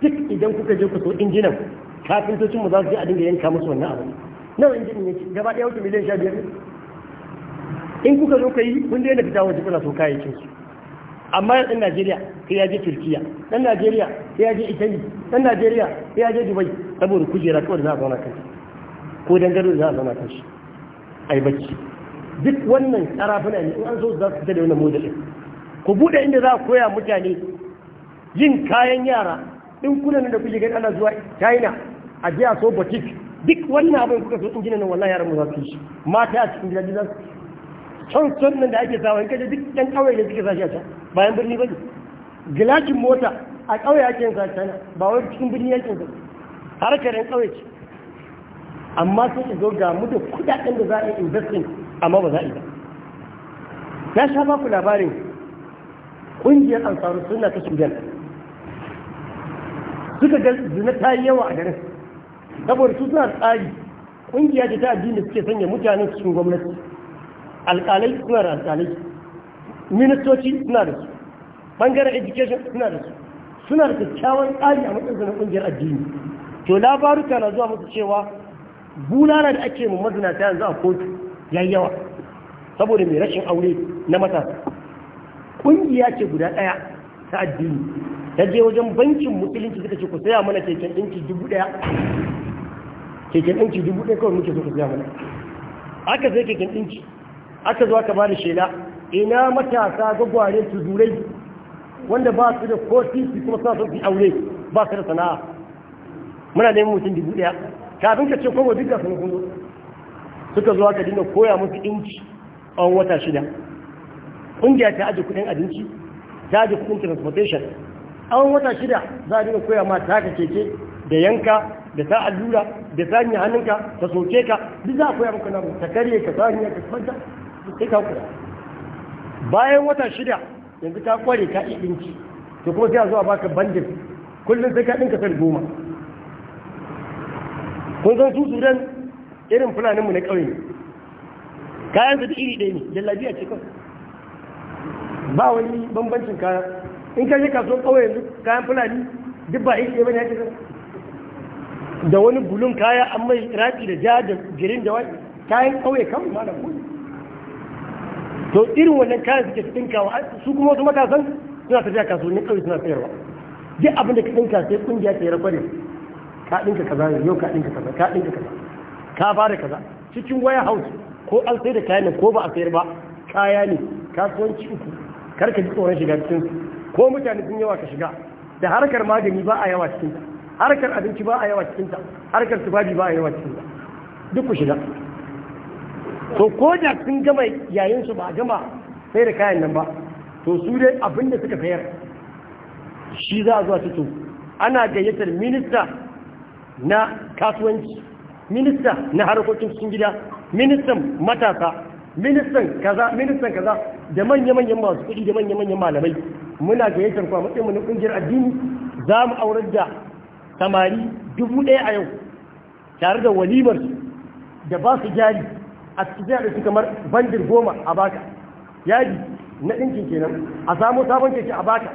duk idan kuka je ku so injinan kafintocin mu za su je a dinga yanka musu wannan abu nawa injinin yake gaba ɗaya wuce miliyan sha biyar in kuka zo ka yi kun da fita waje kuna so kayayyakin su amma ɗan Najeriya sai ya je Turkiya ɗan Najeriya sai ya je Italy ɗan Najeriya sai ya je Dubai saboda kujera kawai da za a zauna kan ko dangaro da za a zauna kan shi ai bacci duk wannan tsarafuna ne in an so za su fita da wannan modalin ku buɗe inda za ku koya mutane yin kayan yara din kuna da kuke ga ana zuwa China a je so boutique duk wannan abin kuka so injina nan wallahi yaran mu za su yi mata a cikin gidaje za su can nan da ake sawa in kaje duk ɗan ƙauye ne suke sashi a can bayan birni ba ne gilashin mota a ƙauye ake yin sashi nan ba wai cikin birni yake har harkar yan ƙauye ce amma sun izo ga mu da kuɗaɗen da za a yi investing amma ba za a yi ba Ya sha ba ku labarin ƙungiyar ansaru suna ta sudan suka ga zina ta yi yawa a garin saboda su suna tsari ƙungiya ce ta addini suke sanya mutanen cikin gwamnati alƙalai suna da alƙalai ministoci suna da su ɓangaren education suna da su suna da kyakkyawan tsari a matsayin na ƙungiyar addini to labaruka na zuwa musu cewa bulala da ake mu ta yanzu a kotu ya yawa saboda mai rashin aure na matasa ƙungiya ce guda ɗaya ta addini ta je wajen bankin musulunci suka ce ku saya mana keken ɗinki dubu ɗaya keken ɗinki dubu ɗaya kawai muke so ku saya mana aka sai keken ɗinki aka zuwa ka bani shela ina matasa gwagware durai wanda ba su da ko titi kuma suna son su aure ba su da sana'a muna neman mutum dubu daya kafin ka ce kowa duka sun kundo suka zuwa ka dinga koya musu inci a wata shida Kungiya ta aji kuɗin abinci ta aji kuɗin transportation a wata shida za a dinga koya ma ta keke da yanka da ta allura da sanya hannunka ta soke ka duk za a koya maka na ta karye ka sanya ka kwanta sai kula bayan wata shida yanzu ta kware ta yi to kuma sai a zuwa baka bandin kullum sai ka dinka sai goma kun san su sudan irin fulanin mu na ƙauye ne kayan su iri ɗaya ne jallabiya ce kawai ba wani bambancin kaya in ka je kasuwar ƙauye yanzu kayan fulani duk ba iri ɗaya bane ake da wani bulun kaya an mai rafi da ja da girin da wani kayan ƙauye kan malam to irin wannan kayan suke tsinkawa su kuma wasu matasan suna tafiya ne kawai suna sayarwa duk abin da ka tsinka sai kungiya ta yi rakwade ka dinka kaza ne yau ka dinka kaza ka dinka kaza ka ba da kaza cikin waya house ko an sai da kayan ko ba a sayar ba kaya ne kasuwanci uku kar ka ji tsoron shiga cikin ko mutane sun yawa ka shiga da harkar magani ba a yawa cikin ta harkar abinci ba a yawa cikin ta harkar tufafi ba a yawa cikin ta duk ku shiga to ko da sun gama yayin su ba gama sai da kayan nan ba to su dai abin da suka fayar shi za a zuwa fito ana gayyatar minista na kasuwanci minista na harkokin cikin gida ministan matasa ministan kaza ministan kaza da manya-manyan masu kuɗi da manya-manyan malamai muna gayyatar kuma matsayin na kungiyar addini za mu aurar da samari dubu ɗaya a yau tare da walimar da ba su jari a cikin sai a ɗauki kamar bandir goma a baka yadi na ɗinkin kenan a samu sabon keke a baka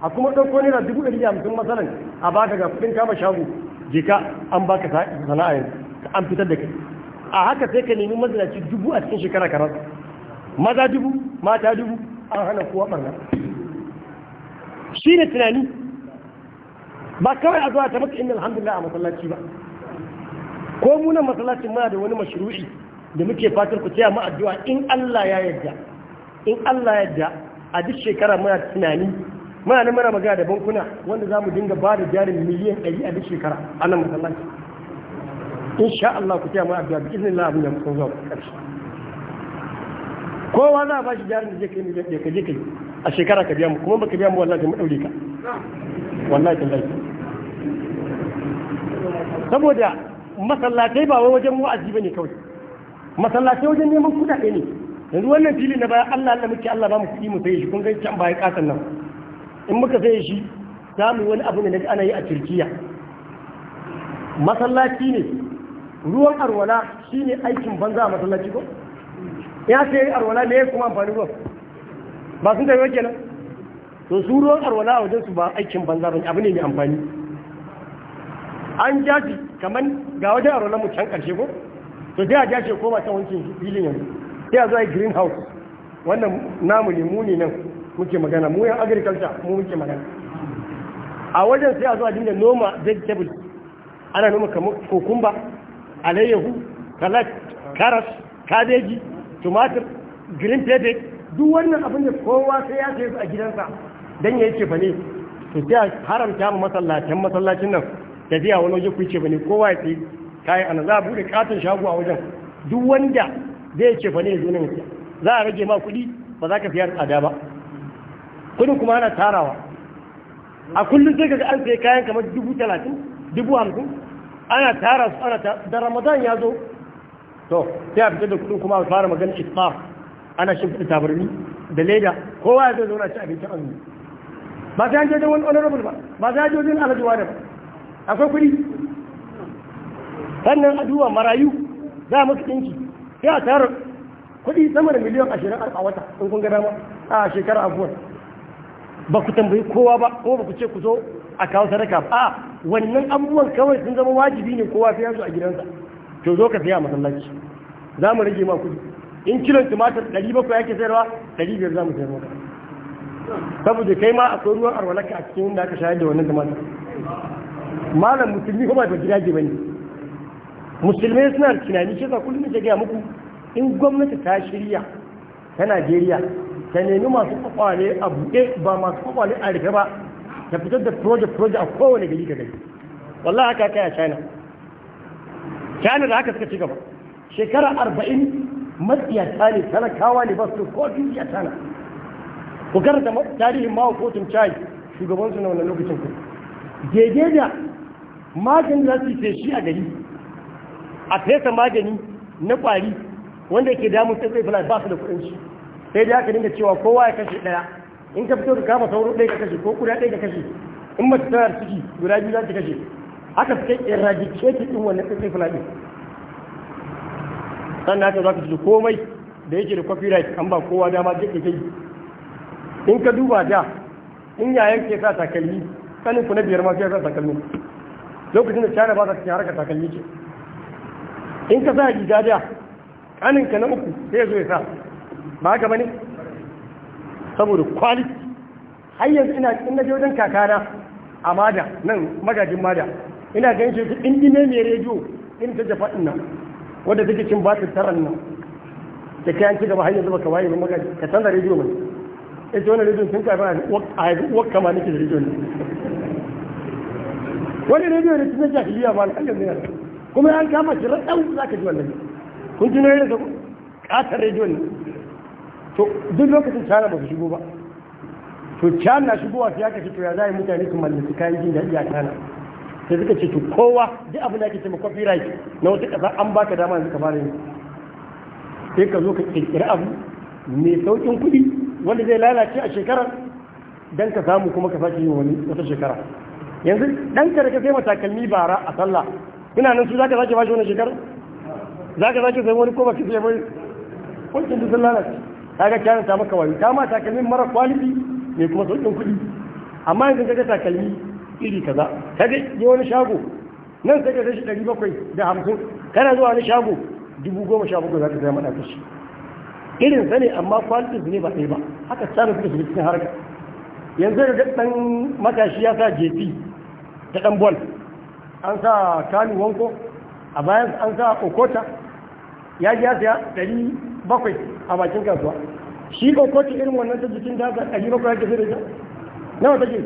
a kuma ɗauko naira dubu ɗari da hamsin matsalan a baka ga kuɗin kama shago je ka an baka sana'a yanzu an fitar da kai a haka sai ka nemi mazinaci dubu a cikin shekara karar maza dubu mata dubu an hana kowa barna shi ne tunani ba kawai a zuwa ta maka inda alhamdulillah a masallaci ba ko munan masallacin muna da wani mashru'i da muke fatan ku taya mu addu'a in Allah ya yarda in Allah ya yarda a duk shekara muna tunani muna nan muna magana da bankuna wanda za mu dinga ba da jarin miliyan 100 a duk shekara a nan masallaci insha Allah ku taya mu addu'a bi iznillah abin da muka zo karshe kowa za a ba shi jarin da zai kai miliyan da ka kai a shekara ka biya mu kuma baka biya mu wallahi mu daure ka wallahi tallahi saboda masallatai ba wai wajen wa'azi bane kawai masallaci wajen neman kudade ne yanzu wannan fili na baya Allah Allah muke Allah ba mu kuɗi mu sai shi kun ga can baya kasan nan in muka sai shi za mu wani abu ne da ana yi a Turkiya masallaci ne ruwan arwala shine aikin banza a masallaci ko ya sai arwala ne kuma amfani ruwan ba sun yi kenan to su ruwan arwala a wajen su ba aikin banza bane abu ne mai amfani an jaji kamar ga wajen arwala mu can karshe ko to sai a ja shi koma can wancan filin yanzu sai a zo a green house wannan namu ne mu ne nan muke magana mu yan agriculture mu muke magana a wajen sai a zo a dinga noma vegetable ana noma kamar kokumba alayyahu kalat karas kabeji tumatir green pepper duk wannan abin da kowa sai ya sayi a gidansa dan ya ce bane to sai haramta mu masallacin masallacin nan tafiya wani waje ku ce bane kowa ya sayi kayan anan za a bude katon shago a wajen duk wanda zai ce fa ne zunan nan za a rage ma kuɗi ba za ka fiyar tsada ba kuɗin kuma ana tarawa a kullum sai kaga an sai kayan kamar dubu talatin dubu hamsin ana tara su ana da ramadan ya zo to sai a fitar da kuɗin kuma a fara magana isfar ana shimfiɗa tabarni da leda kowa zai zauna ci abincin azumi ba sai an je wani honorable ba ba sai an je wajen alhaji da ba akwai kuɗi sannan a duba marayu za musu ɗinki sai a tarar kuɗi sama da miliyan ashirin a wata in kun gada ma a shekara abuwa ba ku tambayi kowa ba ko ba ku ce ku zo a kawo sadaka ba a wannan abubuwan kawai sun zama wajibi ne kowa sai su a gidansa to zo ka saya a masallaci za mu rage ma kuɗi in kilon tumatir ɗari bakwai ake sayarwa ɗari biyar za mu sayar maka saboda kai ma akwai ruwan arwalaka a cikin inda aka shayar da wannan tumatir malam musulmi kuma ba gidaje ba ne musulmai suna tunani shi kullum ta gaya muku in gwamnati ta shirya ta najeriya ta nemi masu kwakwale a buɗe ba masu kwakwale a rufe ba ta fitar da proje-proje a kowane gari ka gari wallah haka kai a china china da haka suka ci gaba shekara arba'in matsiyata ne talakawa ne ba su kotun ya tana ku karanta tarihin mawa kotun chai shugabansu na wannan lokacin ku daidai da magani za su yi feshi a gari a fesa magani na kwari wanda ke damun tsaye fulani ba su da kuɗin shi sai dai aka dinga cewa kowa ya kashe ɗaya in ka fito ka kama sauro ɗaya ka kashe ko kuda ɗaya ka kashe in mace tana da ciki guda biyu za ta kashe haka suka eradicate ɗin wannan tsaye fulani sannan haka za ka ci komai da yake da copyright an ba kowa dama duk da kai in ka duba da in yayan ke sa takalmi kanin ku na biyar ma sai sa takalmi lokacin da China ba za ta harkar takalmi ce in ka sa riga kanin kaninka na uku sai zo ya sa ba haka bane saboda quality har yanzu ina in na je wajen kakana a mada nan magajin mada ina ganin shi duk ne mai rediyo in ta jafa din nan wanda take cin batir taron nan da kayan ci gaba har yanzu baka waye magaji ka canza rediyo mai ita wani rediyo sun kafin a haifi wakka ma nake da ne. wani rediyo ne tun jahiliya ma alƙalin ne kuma ya kama shi raɗau za ka ji wannan kun ji nauyin da ƙasar rediyon ne to duk lokacin china ba su shigo ba to china shigo sai aka ce to ya za a yi mutane su mallaki kayan jin daɗi a china sai suka ce to kowa duk abin da ake ce ma copyright na wata ƙasa an ba ka dama yanzu ka fara yi sai ka zo ka ƙirƙiri abu mai sauƙin kuɗi wanda zai lalace a shekarar dan ka samu kuma ka sake yin wani wata shekara yanzu dan ka da ka sai matakalmi bara a sallah ina nan su zaka ka sake bashi wani shekarar za ka sake sai wani ko baki sai mai kwancin da sallala lalace kaga kyan ta maka wani ta ma takalmin mara kwaliti mai kuma sauƙin kuɗi amma yanzu kaga takalmi iri kaza kaga yi wani shago nan sai ka sashi ɗari bakwai da hamsin kana zuwa wani shago dubu goma sha bakwai za ka sai mana kashi irin sani amma kwalitin ne ba ɗaya ba haka tsarin suka shiga cikin harka yanzu da ɗan matashi ya sa jefi da ɗan bol an sa kanu wanko a bayan an sa kokota ya ji ya saya ɗari bakwai a bakin kasuwa shi kokota irin wannan ta jikin ta sa ɗari bakwai ake sai da nawa take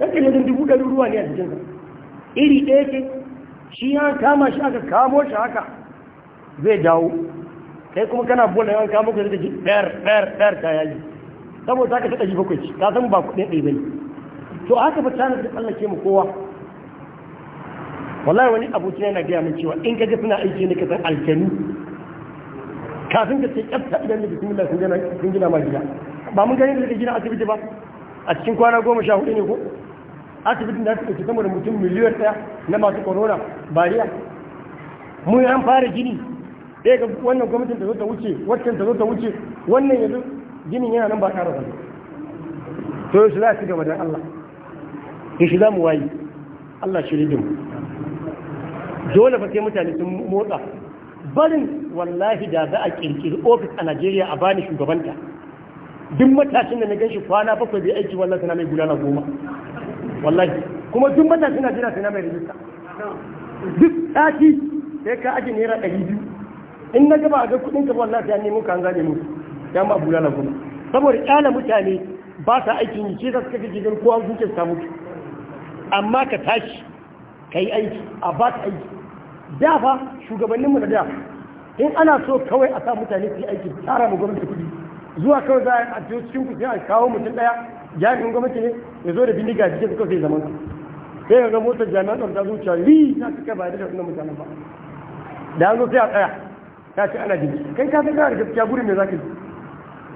yake ne dubu ɗari ruwa ne a jikinsa iri ɗaya ce shi ya kama shi aka kamo shi haka zai dawo kai kuma kana bola yawan kamo ka zai ji ɗayar ɗayar ɗayar ta yaji saboda haka ta ɗari bakwai ta san ba kuɗin ɗaya bane to haka fa tana ta tsallake mu kowa wallahi wani abokin yana gaya min cewa in kaje suna aiki ne ka san aljanu kafin ka ce kyafta idan da bismillah sun gina sun gina ma gida ba mun gani da suka gina asibiti ba a cikin kwana goma sha hudu ne ko asibitin da suka ci sama da mutum miliyan ɗaya na masu corona bariya mu an fara gini ɗaya ga wannan gwamnatin ta zo ta wuce waccan ta zo ta wuce wannan yanzu ginin yana nan ba ƙara ba to yau su za su gaba Allah yau shi za mu wayi Allah shi mu dole fasai mutane sun motsa barin wallahi da za a kirkiri ofis a Najeriya a bani shugabanta duk matashin da na ganshi kwana bakwai bai aiki wallahi suna mai gudana goma wallahi kuma duk matashin na jira suna mai rijista duk ɗaki sai ka aji naira ɗari biyu in na gaba a ga kuɗin ka wallahi ta nemo ka an gane mu ya ma bulala goma saboda ƙyala mutane ba sa aikin yi ce za su kafa gidan kowa zuciyar ta mutu amma ka tashi ka yi aiki a ba aiki da fa shugabanninmu da da in ana so kawai a sa mutane su yi aiki tsara mu gwamnati kuɗi zuwa kawai za a ce cikin ku sai a kawo mutum ɗaya jami'in gwamnati ne ya zo da bindiga jikin kawai sai zaman sai ga motar jami'an tsaro ta zuciya ri na kai ba da wannan mutanen ba da an zo sai a tsaya ta ce ana bincike kai ka san kana da gaskiya gurin me zaka yi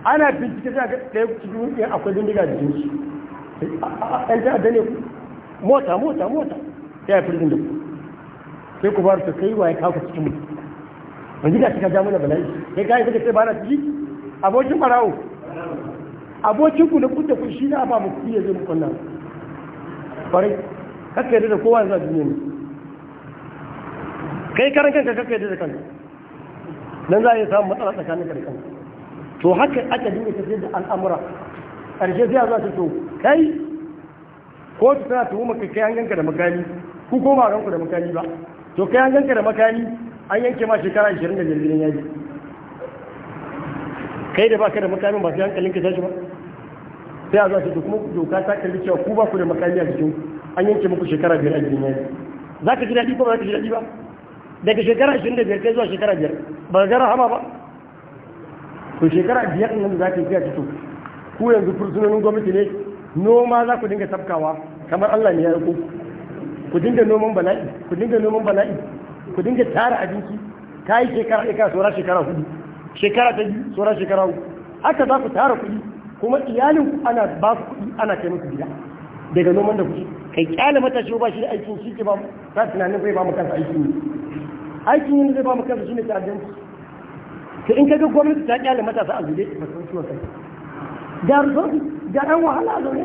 ana bincike sai ga ɗaya cikin ɗaya akwai bindiga jikin shi ɗan ta'adda ne mota mota mota sai a firzin da ku sai ku bar su kai waye kawo cikin mutum mun ji gashi ka ja mana bala'i kai kai kuka ce bana na ciki abokin farao abokin ku da kun da shi na ba mu kuɗi ya zo mu kunna bare kakka da kowa yanzu a duniya ne kai karan kanka ka yadda da kanka dan za a samu samun matsala tsakanin ka da kanka to haka aka dinga tafiyar da al'amura ƙarshe sai a za ta to kai kotu tana tuhumar kai kai an ganka da makami ku koma ranku da makami ba to kai an ganka da makani an yanke ma shekara 20 da jirgin yaji kai da baka da makamin ba sai hankalinka tashi ba sai a zuwa to kuma doka ta kalli cewa ku ba ku da makami a cikin an yanke muku shekara biyar a jirgin yaji za ka ji daɗi ko ba za ka ji daɗi ba daga shekara 25 kai zuwa shekara biyar ba ga hama ba to shekara biyar nan za ka yi fiya fito ku yanzu fursunonin gwamnati ne noma za ku dinga tafkawa kamar Allah ne ya riko ku dinga noman bala'i ku dinga noman bala'i ku dinga tara abinci ka yi shekara ɗaya tsora shekara hudu shekara ta biyu tsora shekara hudu haka za ku tara kuɗi kuma iyalin ana ba su kuɗi ana kai musu gida daga noman da kuke kai kyale matashi ba shi da aikin shi ke ba ta tunanin zai ba mu kansa aikin yi aikin yi zai ba mu kansa shine ta'addanci to in ka ga gwamnati ta kyale matasa a zube ba san ciwon kai ga da ɗan wahala a zaune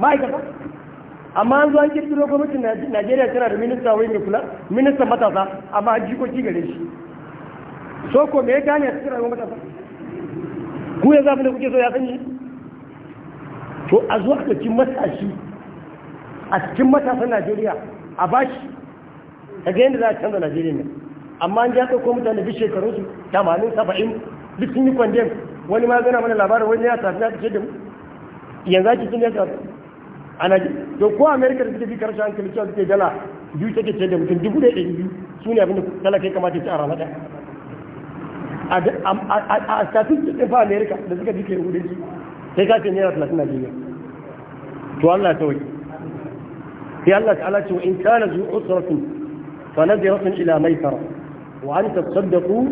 ma'aikata amma an zo an kirkiro gwamnatin najeriya tana da minista wai mai kula minista matasa amma an jikoki gare shi so ko me ya gane a cikin rayuwar matasa ku ya zafi da kuke so ya sanyi to a zo a cikin matashi a cikin matasan najeriya a bashi ga yadda za a canza najeriya ne amma an ji haka ko mutane duk shekaru su tamanin duk sun yi kwandem wani ma zana mana labarin wani ya safi ya fice da mu yanzu ake sun yi ana to ko Amerika da suke bi karshe hankali cewa suke dala biyu take ce da mutum dubu da ɗari biyu su ne abinda talaka ya kamata ci a rana ɗaya a statistics ɗin fa Amerika da suka bi kai hudanci sai ka ce naira talatin najeriya to allah ta wai sai allah ta ala ce wa in kana zuwa usratin fa nadiratun ila maisara wa an tasaddaqu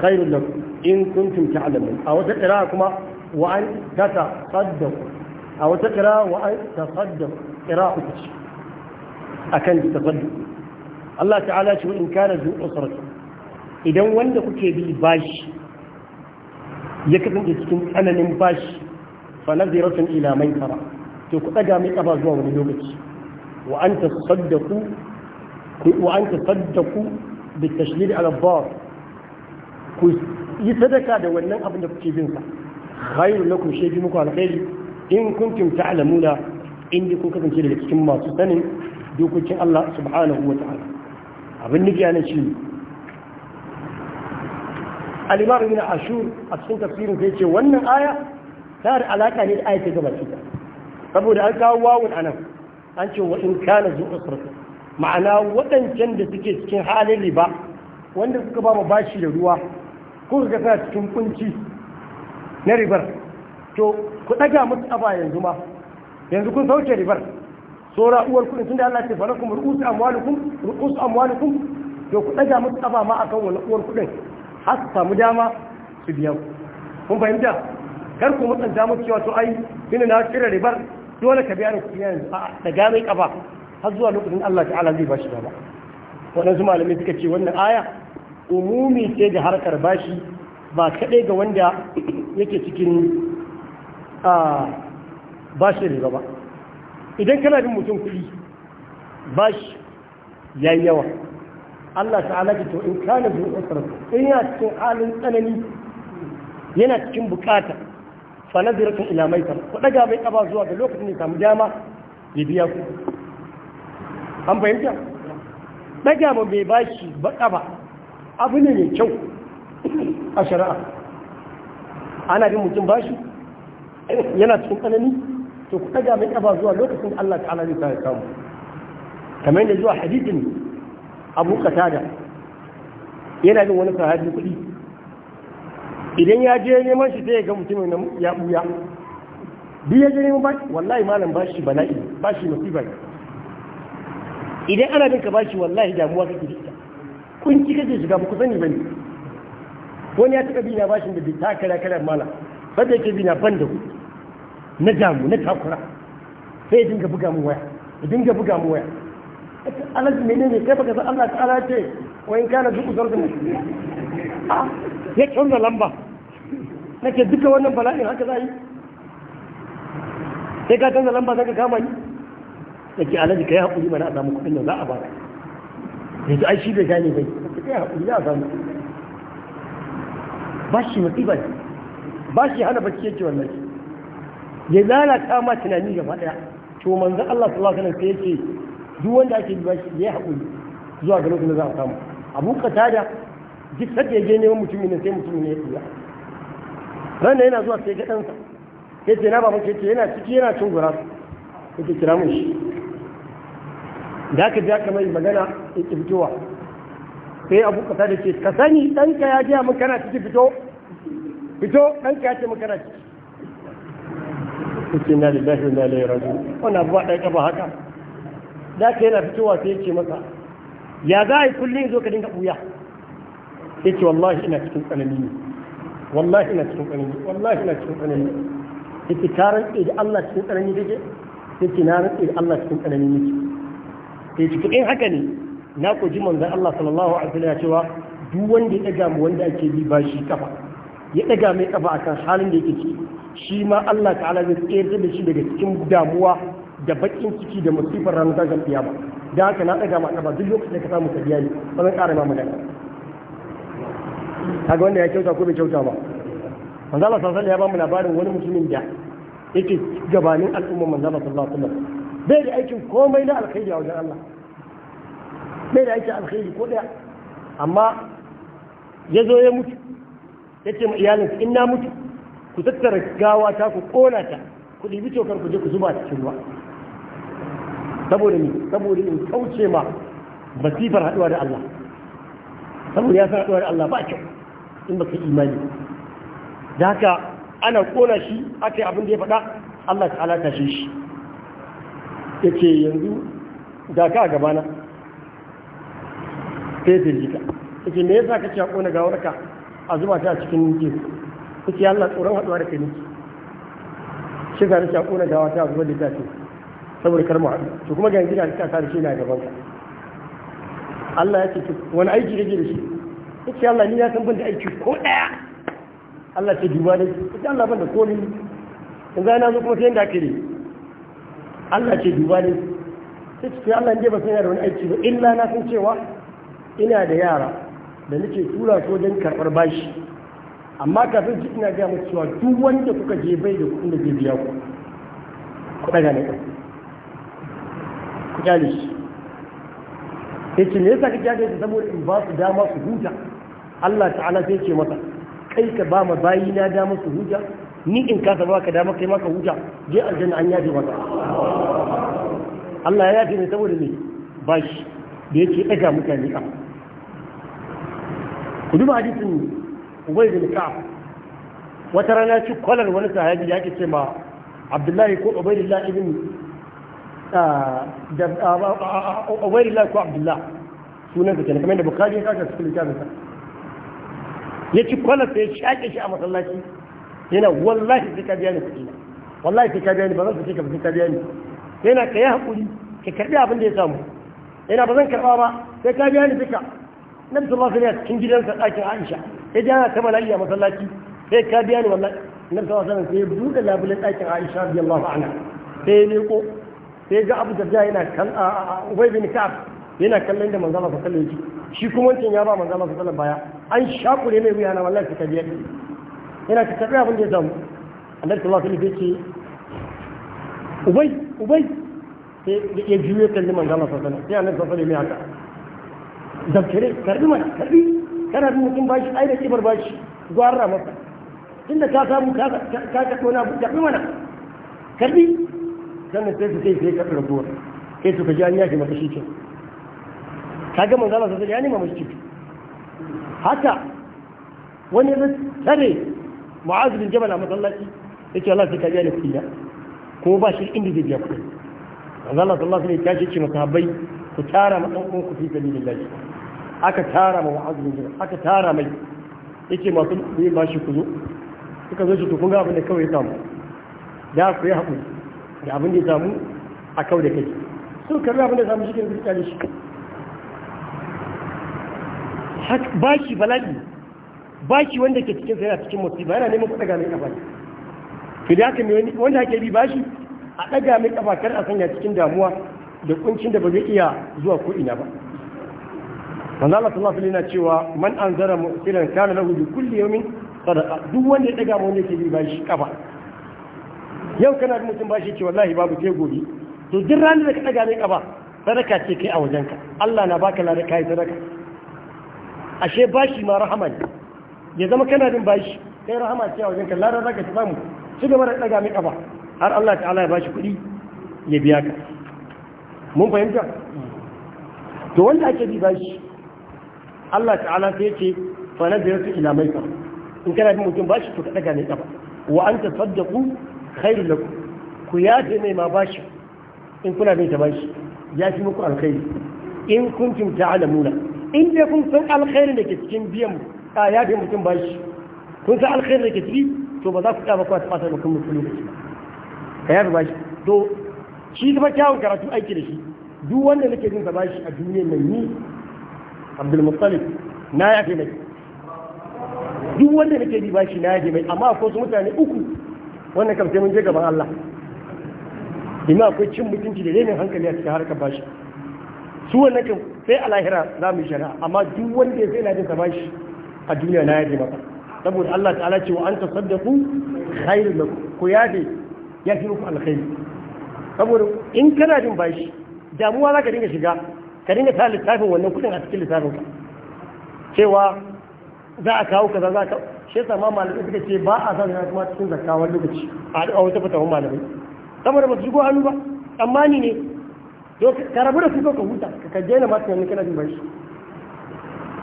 khairul lakum in kuntum ta'lamun a wata qira'a kuma wa an tatasaddaqu a wata kira wa an tasaddaq kira uku ce akan tasaddaq Allah ta'ala ce in kana zu usrati idan wanda kuke bi bashi ya kasance cikin tsananin bashi fa naziratun ila mai kara to ku daga mai kaba zuwa wani lokaci wa an tasaddaqu wa an tasaddaqu bi ku yi sadaka da wannan abin da kuke bin sa khairu in kuntum ta'lamuna in dai kun kasance da cikin masu sanin dokokin Allah subhanahu wa ta'ala abin nufi a nan shi ne alimar ibn ashur a cikin tafsirin sai ce wannan aya ta da alaka ne da aya ta gaba cika saboda an kawo wawun anan an ce wa in kana zu usrata ma'ana waɗancan da suke cikin halin riba wanda suka ba mu bashi da ruwa ko ga sa cikin kunci na ribar to ku ɗaga musu ƙafa yanzu ma yanzu kun sauke ribar sora uwar kuɗin tunda Allah ce falakum ru'us amwalukum ru'us amwalukum to ku ɗaga musu ƙafa ma akan wannan uwar kuɗin har su samu dama su biya kun bayyana kar ku mutan musu cewa to ai ina na cire ribar dole ka biya ku yanzu a'a daga mai kafa har zuwa lokacin Allah ta'ala zai bashi dama waɗansu malamai suka ce wannan aya umumi ce da harkar bashi ba kaɗai ga wanda yake cikin a bashi riba ba idan kana bin mutum kuɗi bashi ya yi yawa Allah ta'ala ki to in kana bin usra in yana cikin halin tsanani yana cikin bukata fa naziratun ila maitar ku daga mai kaba zuwa ga lokacin ne samu dama ya biya ku an fahimta daga mu bai bashi ba kaba abu ne mai kyau a shari'a ana bin mutum bashi yana cikin tsanani to ku ɗaga mai ƙafa zuwa lokacin da Allah ta'ala zai sa samu kamar yadda zuwa hadisin Abu Qatada yana bin wani sahabi kuɗi idan ya je neman shi sai ya ga mutumin nan ya buya duk ya je neman bashi wallahi malam bashi bala'i bashi musiba idan ana bin ka bashi wallahi damuwa kake da ita kun ki kake shiga ba ku sani bane wani ya taɓa bina bashin da bi ta takara kalar malam sai da yake bina ban da ku na damu na takura sai dinga buga mu waya dinga buga mu waya alaji mene ne sai baka san Allah ta ala ce wa in kana duk uzur ne? ah ya canza lamba nake duka wannan bala'in haka za yi sai ka canza lamba zaka kama ni nake alaji kai hakuri mana a samu kuɗin nan za a baka yanzu ai shi bai gane bai kai hakuri za a samu ba shi musiba ba shi hana bacci yake wallahi ya zana ma tunani gaba daya to manzo Allah sallallahu alaihi wasallam sai yake duk wanda ake bi shi ya haƙuri zuwa ga lokacin da za a samu abu katada duk sai ya je mun mutumin ne sai mutumin ne ya tsira ranar yana zuwa sai ga ɗansa sai ce na ba ya ce yana ciki yana cin gura ya ce kira mun shi da ka ja aka mai magana ya ki fitowa sai abu kasa ce ka sani ka ya ji mun kana ciki fito fito ka ya ce mun kana ciki kuke na lillahi wa ilaihi raji'un wannan abu ɗaya kafa haka da ka yana fitowa sai ce masa. ya za a yi kullum zo ka dinga ɓuya sai ce wallahi ina cikin tsanani ne wallahi ina cikin tsanani wallahi ina cikin tsanani yake ka rantse da Allah cikin tsanani take yake na rantse da Allah cikin tsanani nake sai cikin in haka ne na ku ji manzon Allah sallallahu alaihi wasallam cewa duk wanda ya daga mu wanda ake bi bashi kafa ya daga mai kafa akan halin da yake ciki shi ma Allah ta'ala zai tsere da shi daga cikin damuwa da bakin ciki da musifar ranar tashin ba, da haka na daga ma ba duk lokacin da ka samu ka biya ba zan ƙara ma magana kaga wanda ya kyauta ko bai kyauta ba manzo Allah ya ba mu labarin wani mutumin da yake gabanin al'ummar manzo Allah sallallahu alaihi wasallam bai da aikin komai na alkhairi a wajen Allah bai da aikin alkhairi ko daya amma ya zo ya mutu ya ce ma iyalinsa in na mutu ku tattara gawa ta ku kona ta ku ɗibi cokar ku je ku zuba cikin ruwa saboda ni saboda in kauce ma masifar haɗuwa da Allah saboda ya san haɗuwa da Allah ba kyau in ba ka imani da haka ana kona shi aka yi abin da ya faɗa Allah ta ta shi shi ya ce yanzu da ka a gabana sai firgita ya ce me yasa ka ce a kona ka a zuba ta cikin teku kuke Allah tsoron haɗuwa da kai miki shiga na shaƙo na gawa ta zuwa zafi saboda kar mu haɗu to kuma ga yanzu ga littafi da shi na gaban ka Allah ya ce wani aiki kake da shi kace Allah ni ya san ban da aiki ko daya Allah ce duba da kace Allah ban da komai in ga na zo kuma sai da ne? Allah ce duba da kace Allah ne ba san yana da wani aiki ba illa na san cewa ina da yara da nake tura su wajen karɓar bashi amma kafin su ina gaya muku cewa duk wanda kuka je bai da kuɗin da zai biya ku ku ɗaga na ku kyale shi ya ce me yasa ka kyale shi saboda in ba su dama su huta Allah ta'ala sai ce masa kai ka ba ma bayi na dama su huta ni in kasa ba ka dama kai maka huta je aljanna an yafe maka Allah ya yafe ne saboda Me bashi da yake ɗaga mutane ka ku duba hadisin ubay bin ka'ab wata rana ci kwalar wani sahabi da yake ce ma abdullahi ko ubaydillah ibn ah, ah, ah, ubaydillah ko abdullah sunan ka kenan kamar da bukhari ya kaka cikin littafin sa ya ci kwalar sai ya shaƙe shi a masallaci yana wallahi sai ka biya ni kuɗi wallahi sai ka biya ni ba zan sai ka sai ka biya ni yana ka yi haƙuri ka karɓi abin da ya samu yana ba zan karɓa ba sai ka biya ni duka nabi sallallahu alaihi wasallam cikin gidansa ɗakin Aisha sai dai ana ta bala'i a masallaci sai ka biya ni wallahi nan sa wasan sai buɗe labulen ɗakin Aisha radiyallahu anha sai ne ko sai ga Abu Darda yana kan Ubay bin Ka'ab yana kallon da manzo Allah sallallahu alaihi wasallam shi kuma wancan ya ba manzo Allah sallallahu alaihi baya an shakure mai wuya na wallahi ka biya yana ta tabbata abin da ya samu annabi sallallahu alaihi wasallam ya ce ubai sai ya juyo kalli manzo Allah sallallahu alaihi wasallam sai annabi sallallahu alaihi wasallam ya haka zabtare karbi mana karbi kana bin mutum bashi ai da kibar bashi gwara masa tunda ka samu ka ka kona bi mana karbi sannan sai su kai sai ka rabuwa kai su ka ji an yaki maka shi ce ka ga manzala sa sai ya ma mashi haka wani ya tare mu'azu bin jabal a masallaci yace Allah sai ka biya ni kuɗi ko ba shi inda zai biya kuɗi manzala sallallahu alaihi wasallam ya ce masahabbai ku tara matsan ku fi sabilillah aka tara ma mu'az bin aka tara mai yake masu yin bashi shi kuzo suka zo shi to kun ga abin da kawai ya samu da ku yi haƙuri da abin da ya samu a kawai da kai su karbi abin da samu shi ne da shi bashi ba shi wanda ke cikin sai cikin ba yana neman kuɗa ga mai kafa to da haka wanda ake bi bashi a ɗaga mai kafa kar a sanya cikin damuwa da kuncin da ba zai iya zuwa ko ina ba manzo Allah sallallahu alaihi wasallam cewa man anzara mu'tiran kana lahu bi kulli yawmin sadaqa duk wanda ya daga mu ne ke bi bashi kafa yau kana da mutum bashi ce wallahi babu sai gobe to duk ranar da ka daga mai kafa sadaka ce kai a wajenka Allah na baka lada kai sadaka ashe bashi ma rahama ne ya zama kana bin bashi kai rahama ce a wajenka lada zaka ta samu ci gaba da daga mai kafa har Allah ta'ala ya bashi kuɗi ya biya ka mun fahimta to wanda ake bi bashi Allah ta'ala sai ce fa nazaratu ila maisar in kana bin mutum bashi to ka daga ne kafa wa anta saddaqu khairul lakum ku yafe mai ma bashi in kuna bin ta bashi ya fi muku alkhairi in kuntum ta'lamuna in dai kun san alkhairi da ke cikin biyan ka yafe mutum bashi kun san alkhairi da ke ciki to ba za ku tsaba ku ta fata mutum mutum lokaci ka yafe bashi to shi zama kyawun karatu aiki da shi duk wanda nake jin sa bashi a duniyar nan ni abdul muttalib na fi mai duk wanda nake bi bashi na yafe mai amma akwai su mutane uku wannan kam sai mun je gaban Allah ina akwai cin mutunci da renin hankali a cikin harkar bashi su wannan kan sai a lahira za mu yi shari'a amma duk wanda ya sai na jinsa bashi a duniya na yafe maka saboda Allah ta'ala ce wa anta ku khairul lakum ku yafe ya fi muku alkhairi saboda in kana jin bashi damuwa za ka dinga shiga ka dinga sa littafin wannan kudin a cikin littafin ka cewa za a kawo kaza za a kawo shi yasa ma malamai suka ce ba a san kuma cikin zakka wani lokaci a wata wani malamai saboda ba su shigo hannu ba tsammani ne ka rabu da su ka huta ka kaje na masu yanni kana jin bashi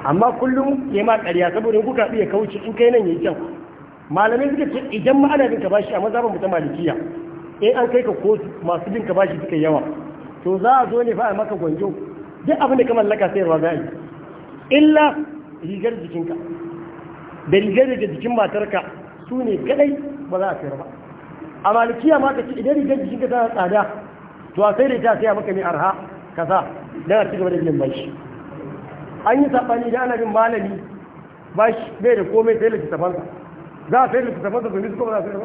amma kullum ke ma ƙarya saboda kuka ya kauce in kai nan ya yi kyau malamai suka ce idan ma ana bin ka bashi a mazaban mutum malikiya in an kai ka kotu masu bin ka bashi suka yawa to za a zo ne fa a maka gwanjo duk abin da ka mallaka sayarwa za yi illa rigar jikinka da rigar da jikin matarka su ne kadai ba za a sayar ba a malikiya ma ka ci idan rigar jikinka tana tsada to a sai da ta a maka ne arha ka sa don a ci gaba da biyan bashi an yi saɓani da ana bin malami bashi bai da komai sai lafi tafansa za a sai da littafansa domin su kuma za a sayar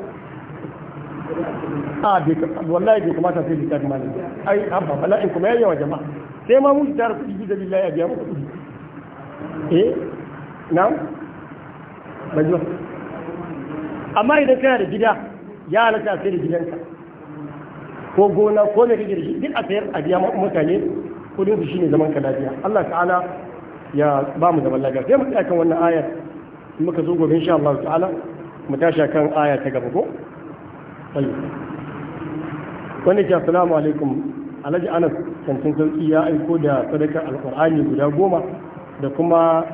ba a wallahi bai kamata sai littafin malami ai abba bala'in kuma yayyawa jama'a sai ma mun tara kuɗi bisa billahi a biya mu kuɗi eh na ba ji amma idan kana da gida ya halatta a sai da gidanka ko gona ko mai kake da shi duk a sayar a biya mutane kuɗin su shine zaman ka lafiya Allah ta'ala ya ba mu zaman lafiya sai mu tsaya kan wannan ayar muka zo gobe insha Allah ta'ala mu tashi kan aya ta gaba ko tayyib ke assalamu alaikum alhaji anas kantin sauki ya aiko da sadakar alkur'ani guda goma da kuma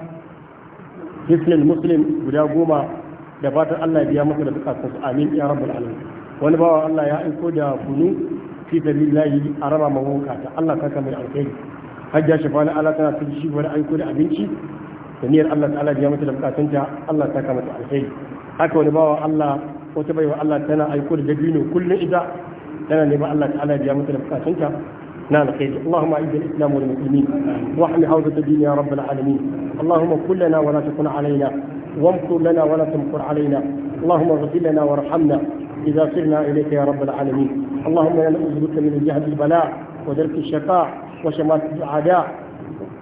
hisnul muslim guda goma da fatan allah biya masa da bukatun su amin ya rabu alamin wani bawan allah ya aiko da kunu fi sabilillahi a raba mawuka ta allah saka mai alkhairi hajja shafani Allah tana ta shi wani aiko da abinci da niyyar allah ta'ala biya mata da bukatun ta allah saka mata alkhairi haka wani bawan allah wata baiwa allah tana aiko da dabino kullum ita لنا لما الله تعالى بيامتنا بكاتنك نال خير اللهم أعز الإسلام والمسلمين واحم حوزة الدين يا رب العالمين اللهم كن لنا ولا تكن علينا وامكر لنا ولا تمكر علينا اللهم اغفر لنا وارحمنا إذا صرنا إليك يا رب العالمين اللهم انا نعوذ بك من جهل البلاء ودرك الشقاء وشماتة الأعداء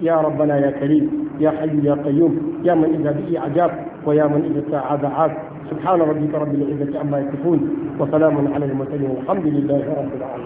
يا ربنا يا كريم يا حي يا قيوم يا من إذا به عجاب ويا من إذا الساعة عاد سبحان ربك رب العزة عما يصفون وسلام على المرسلين والحمد لله
رب العالمين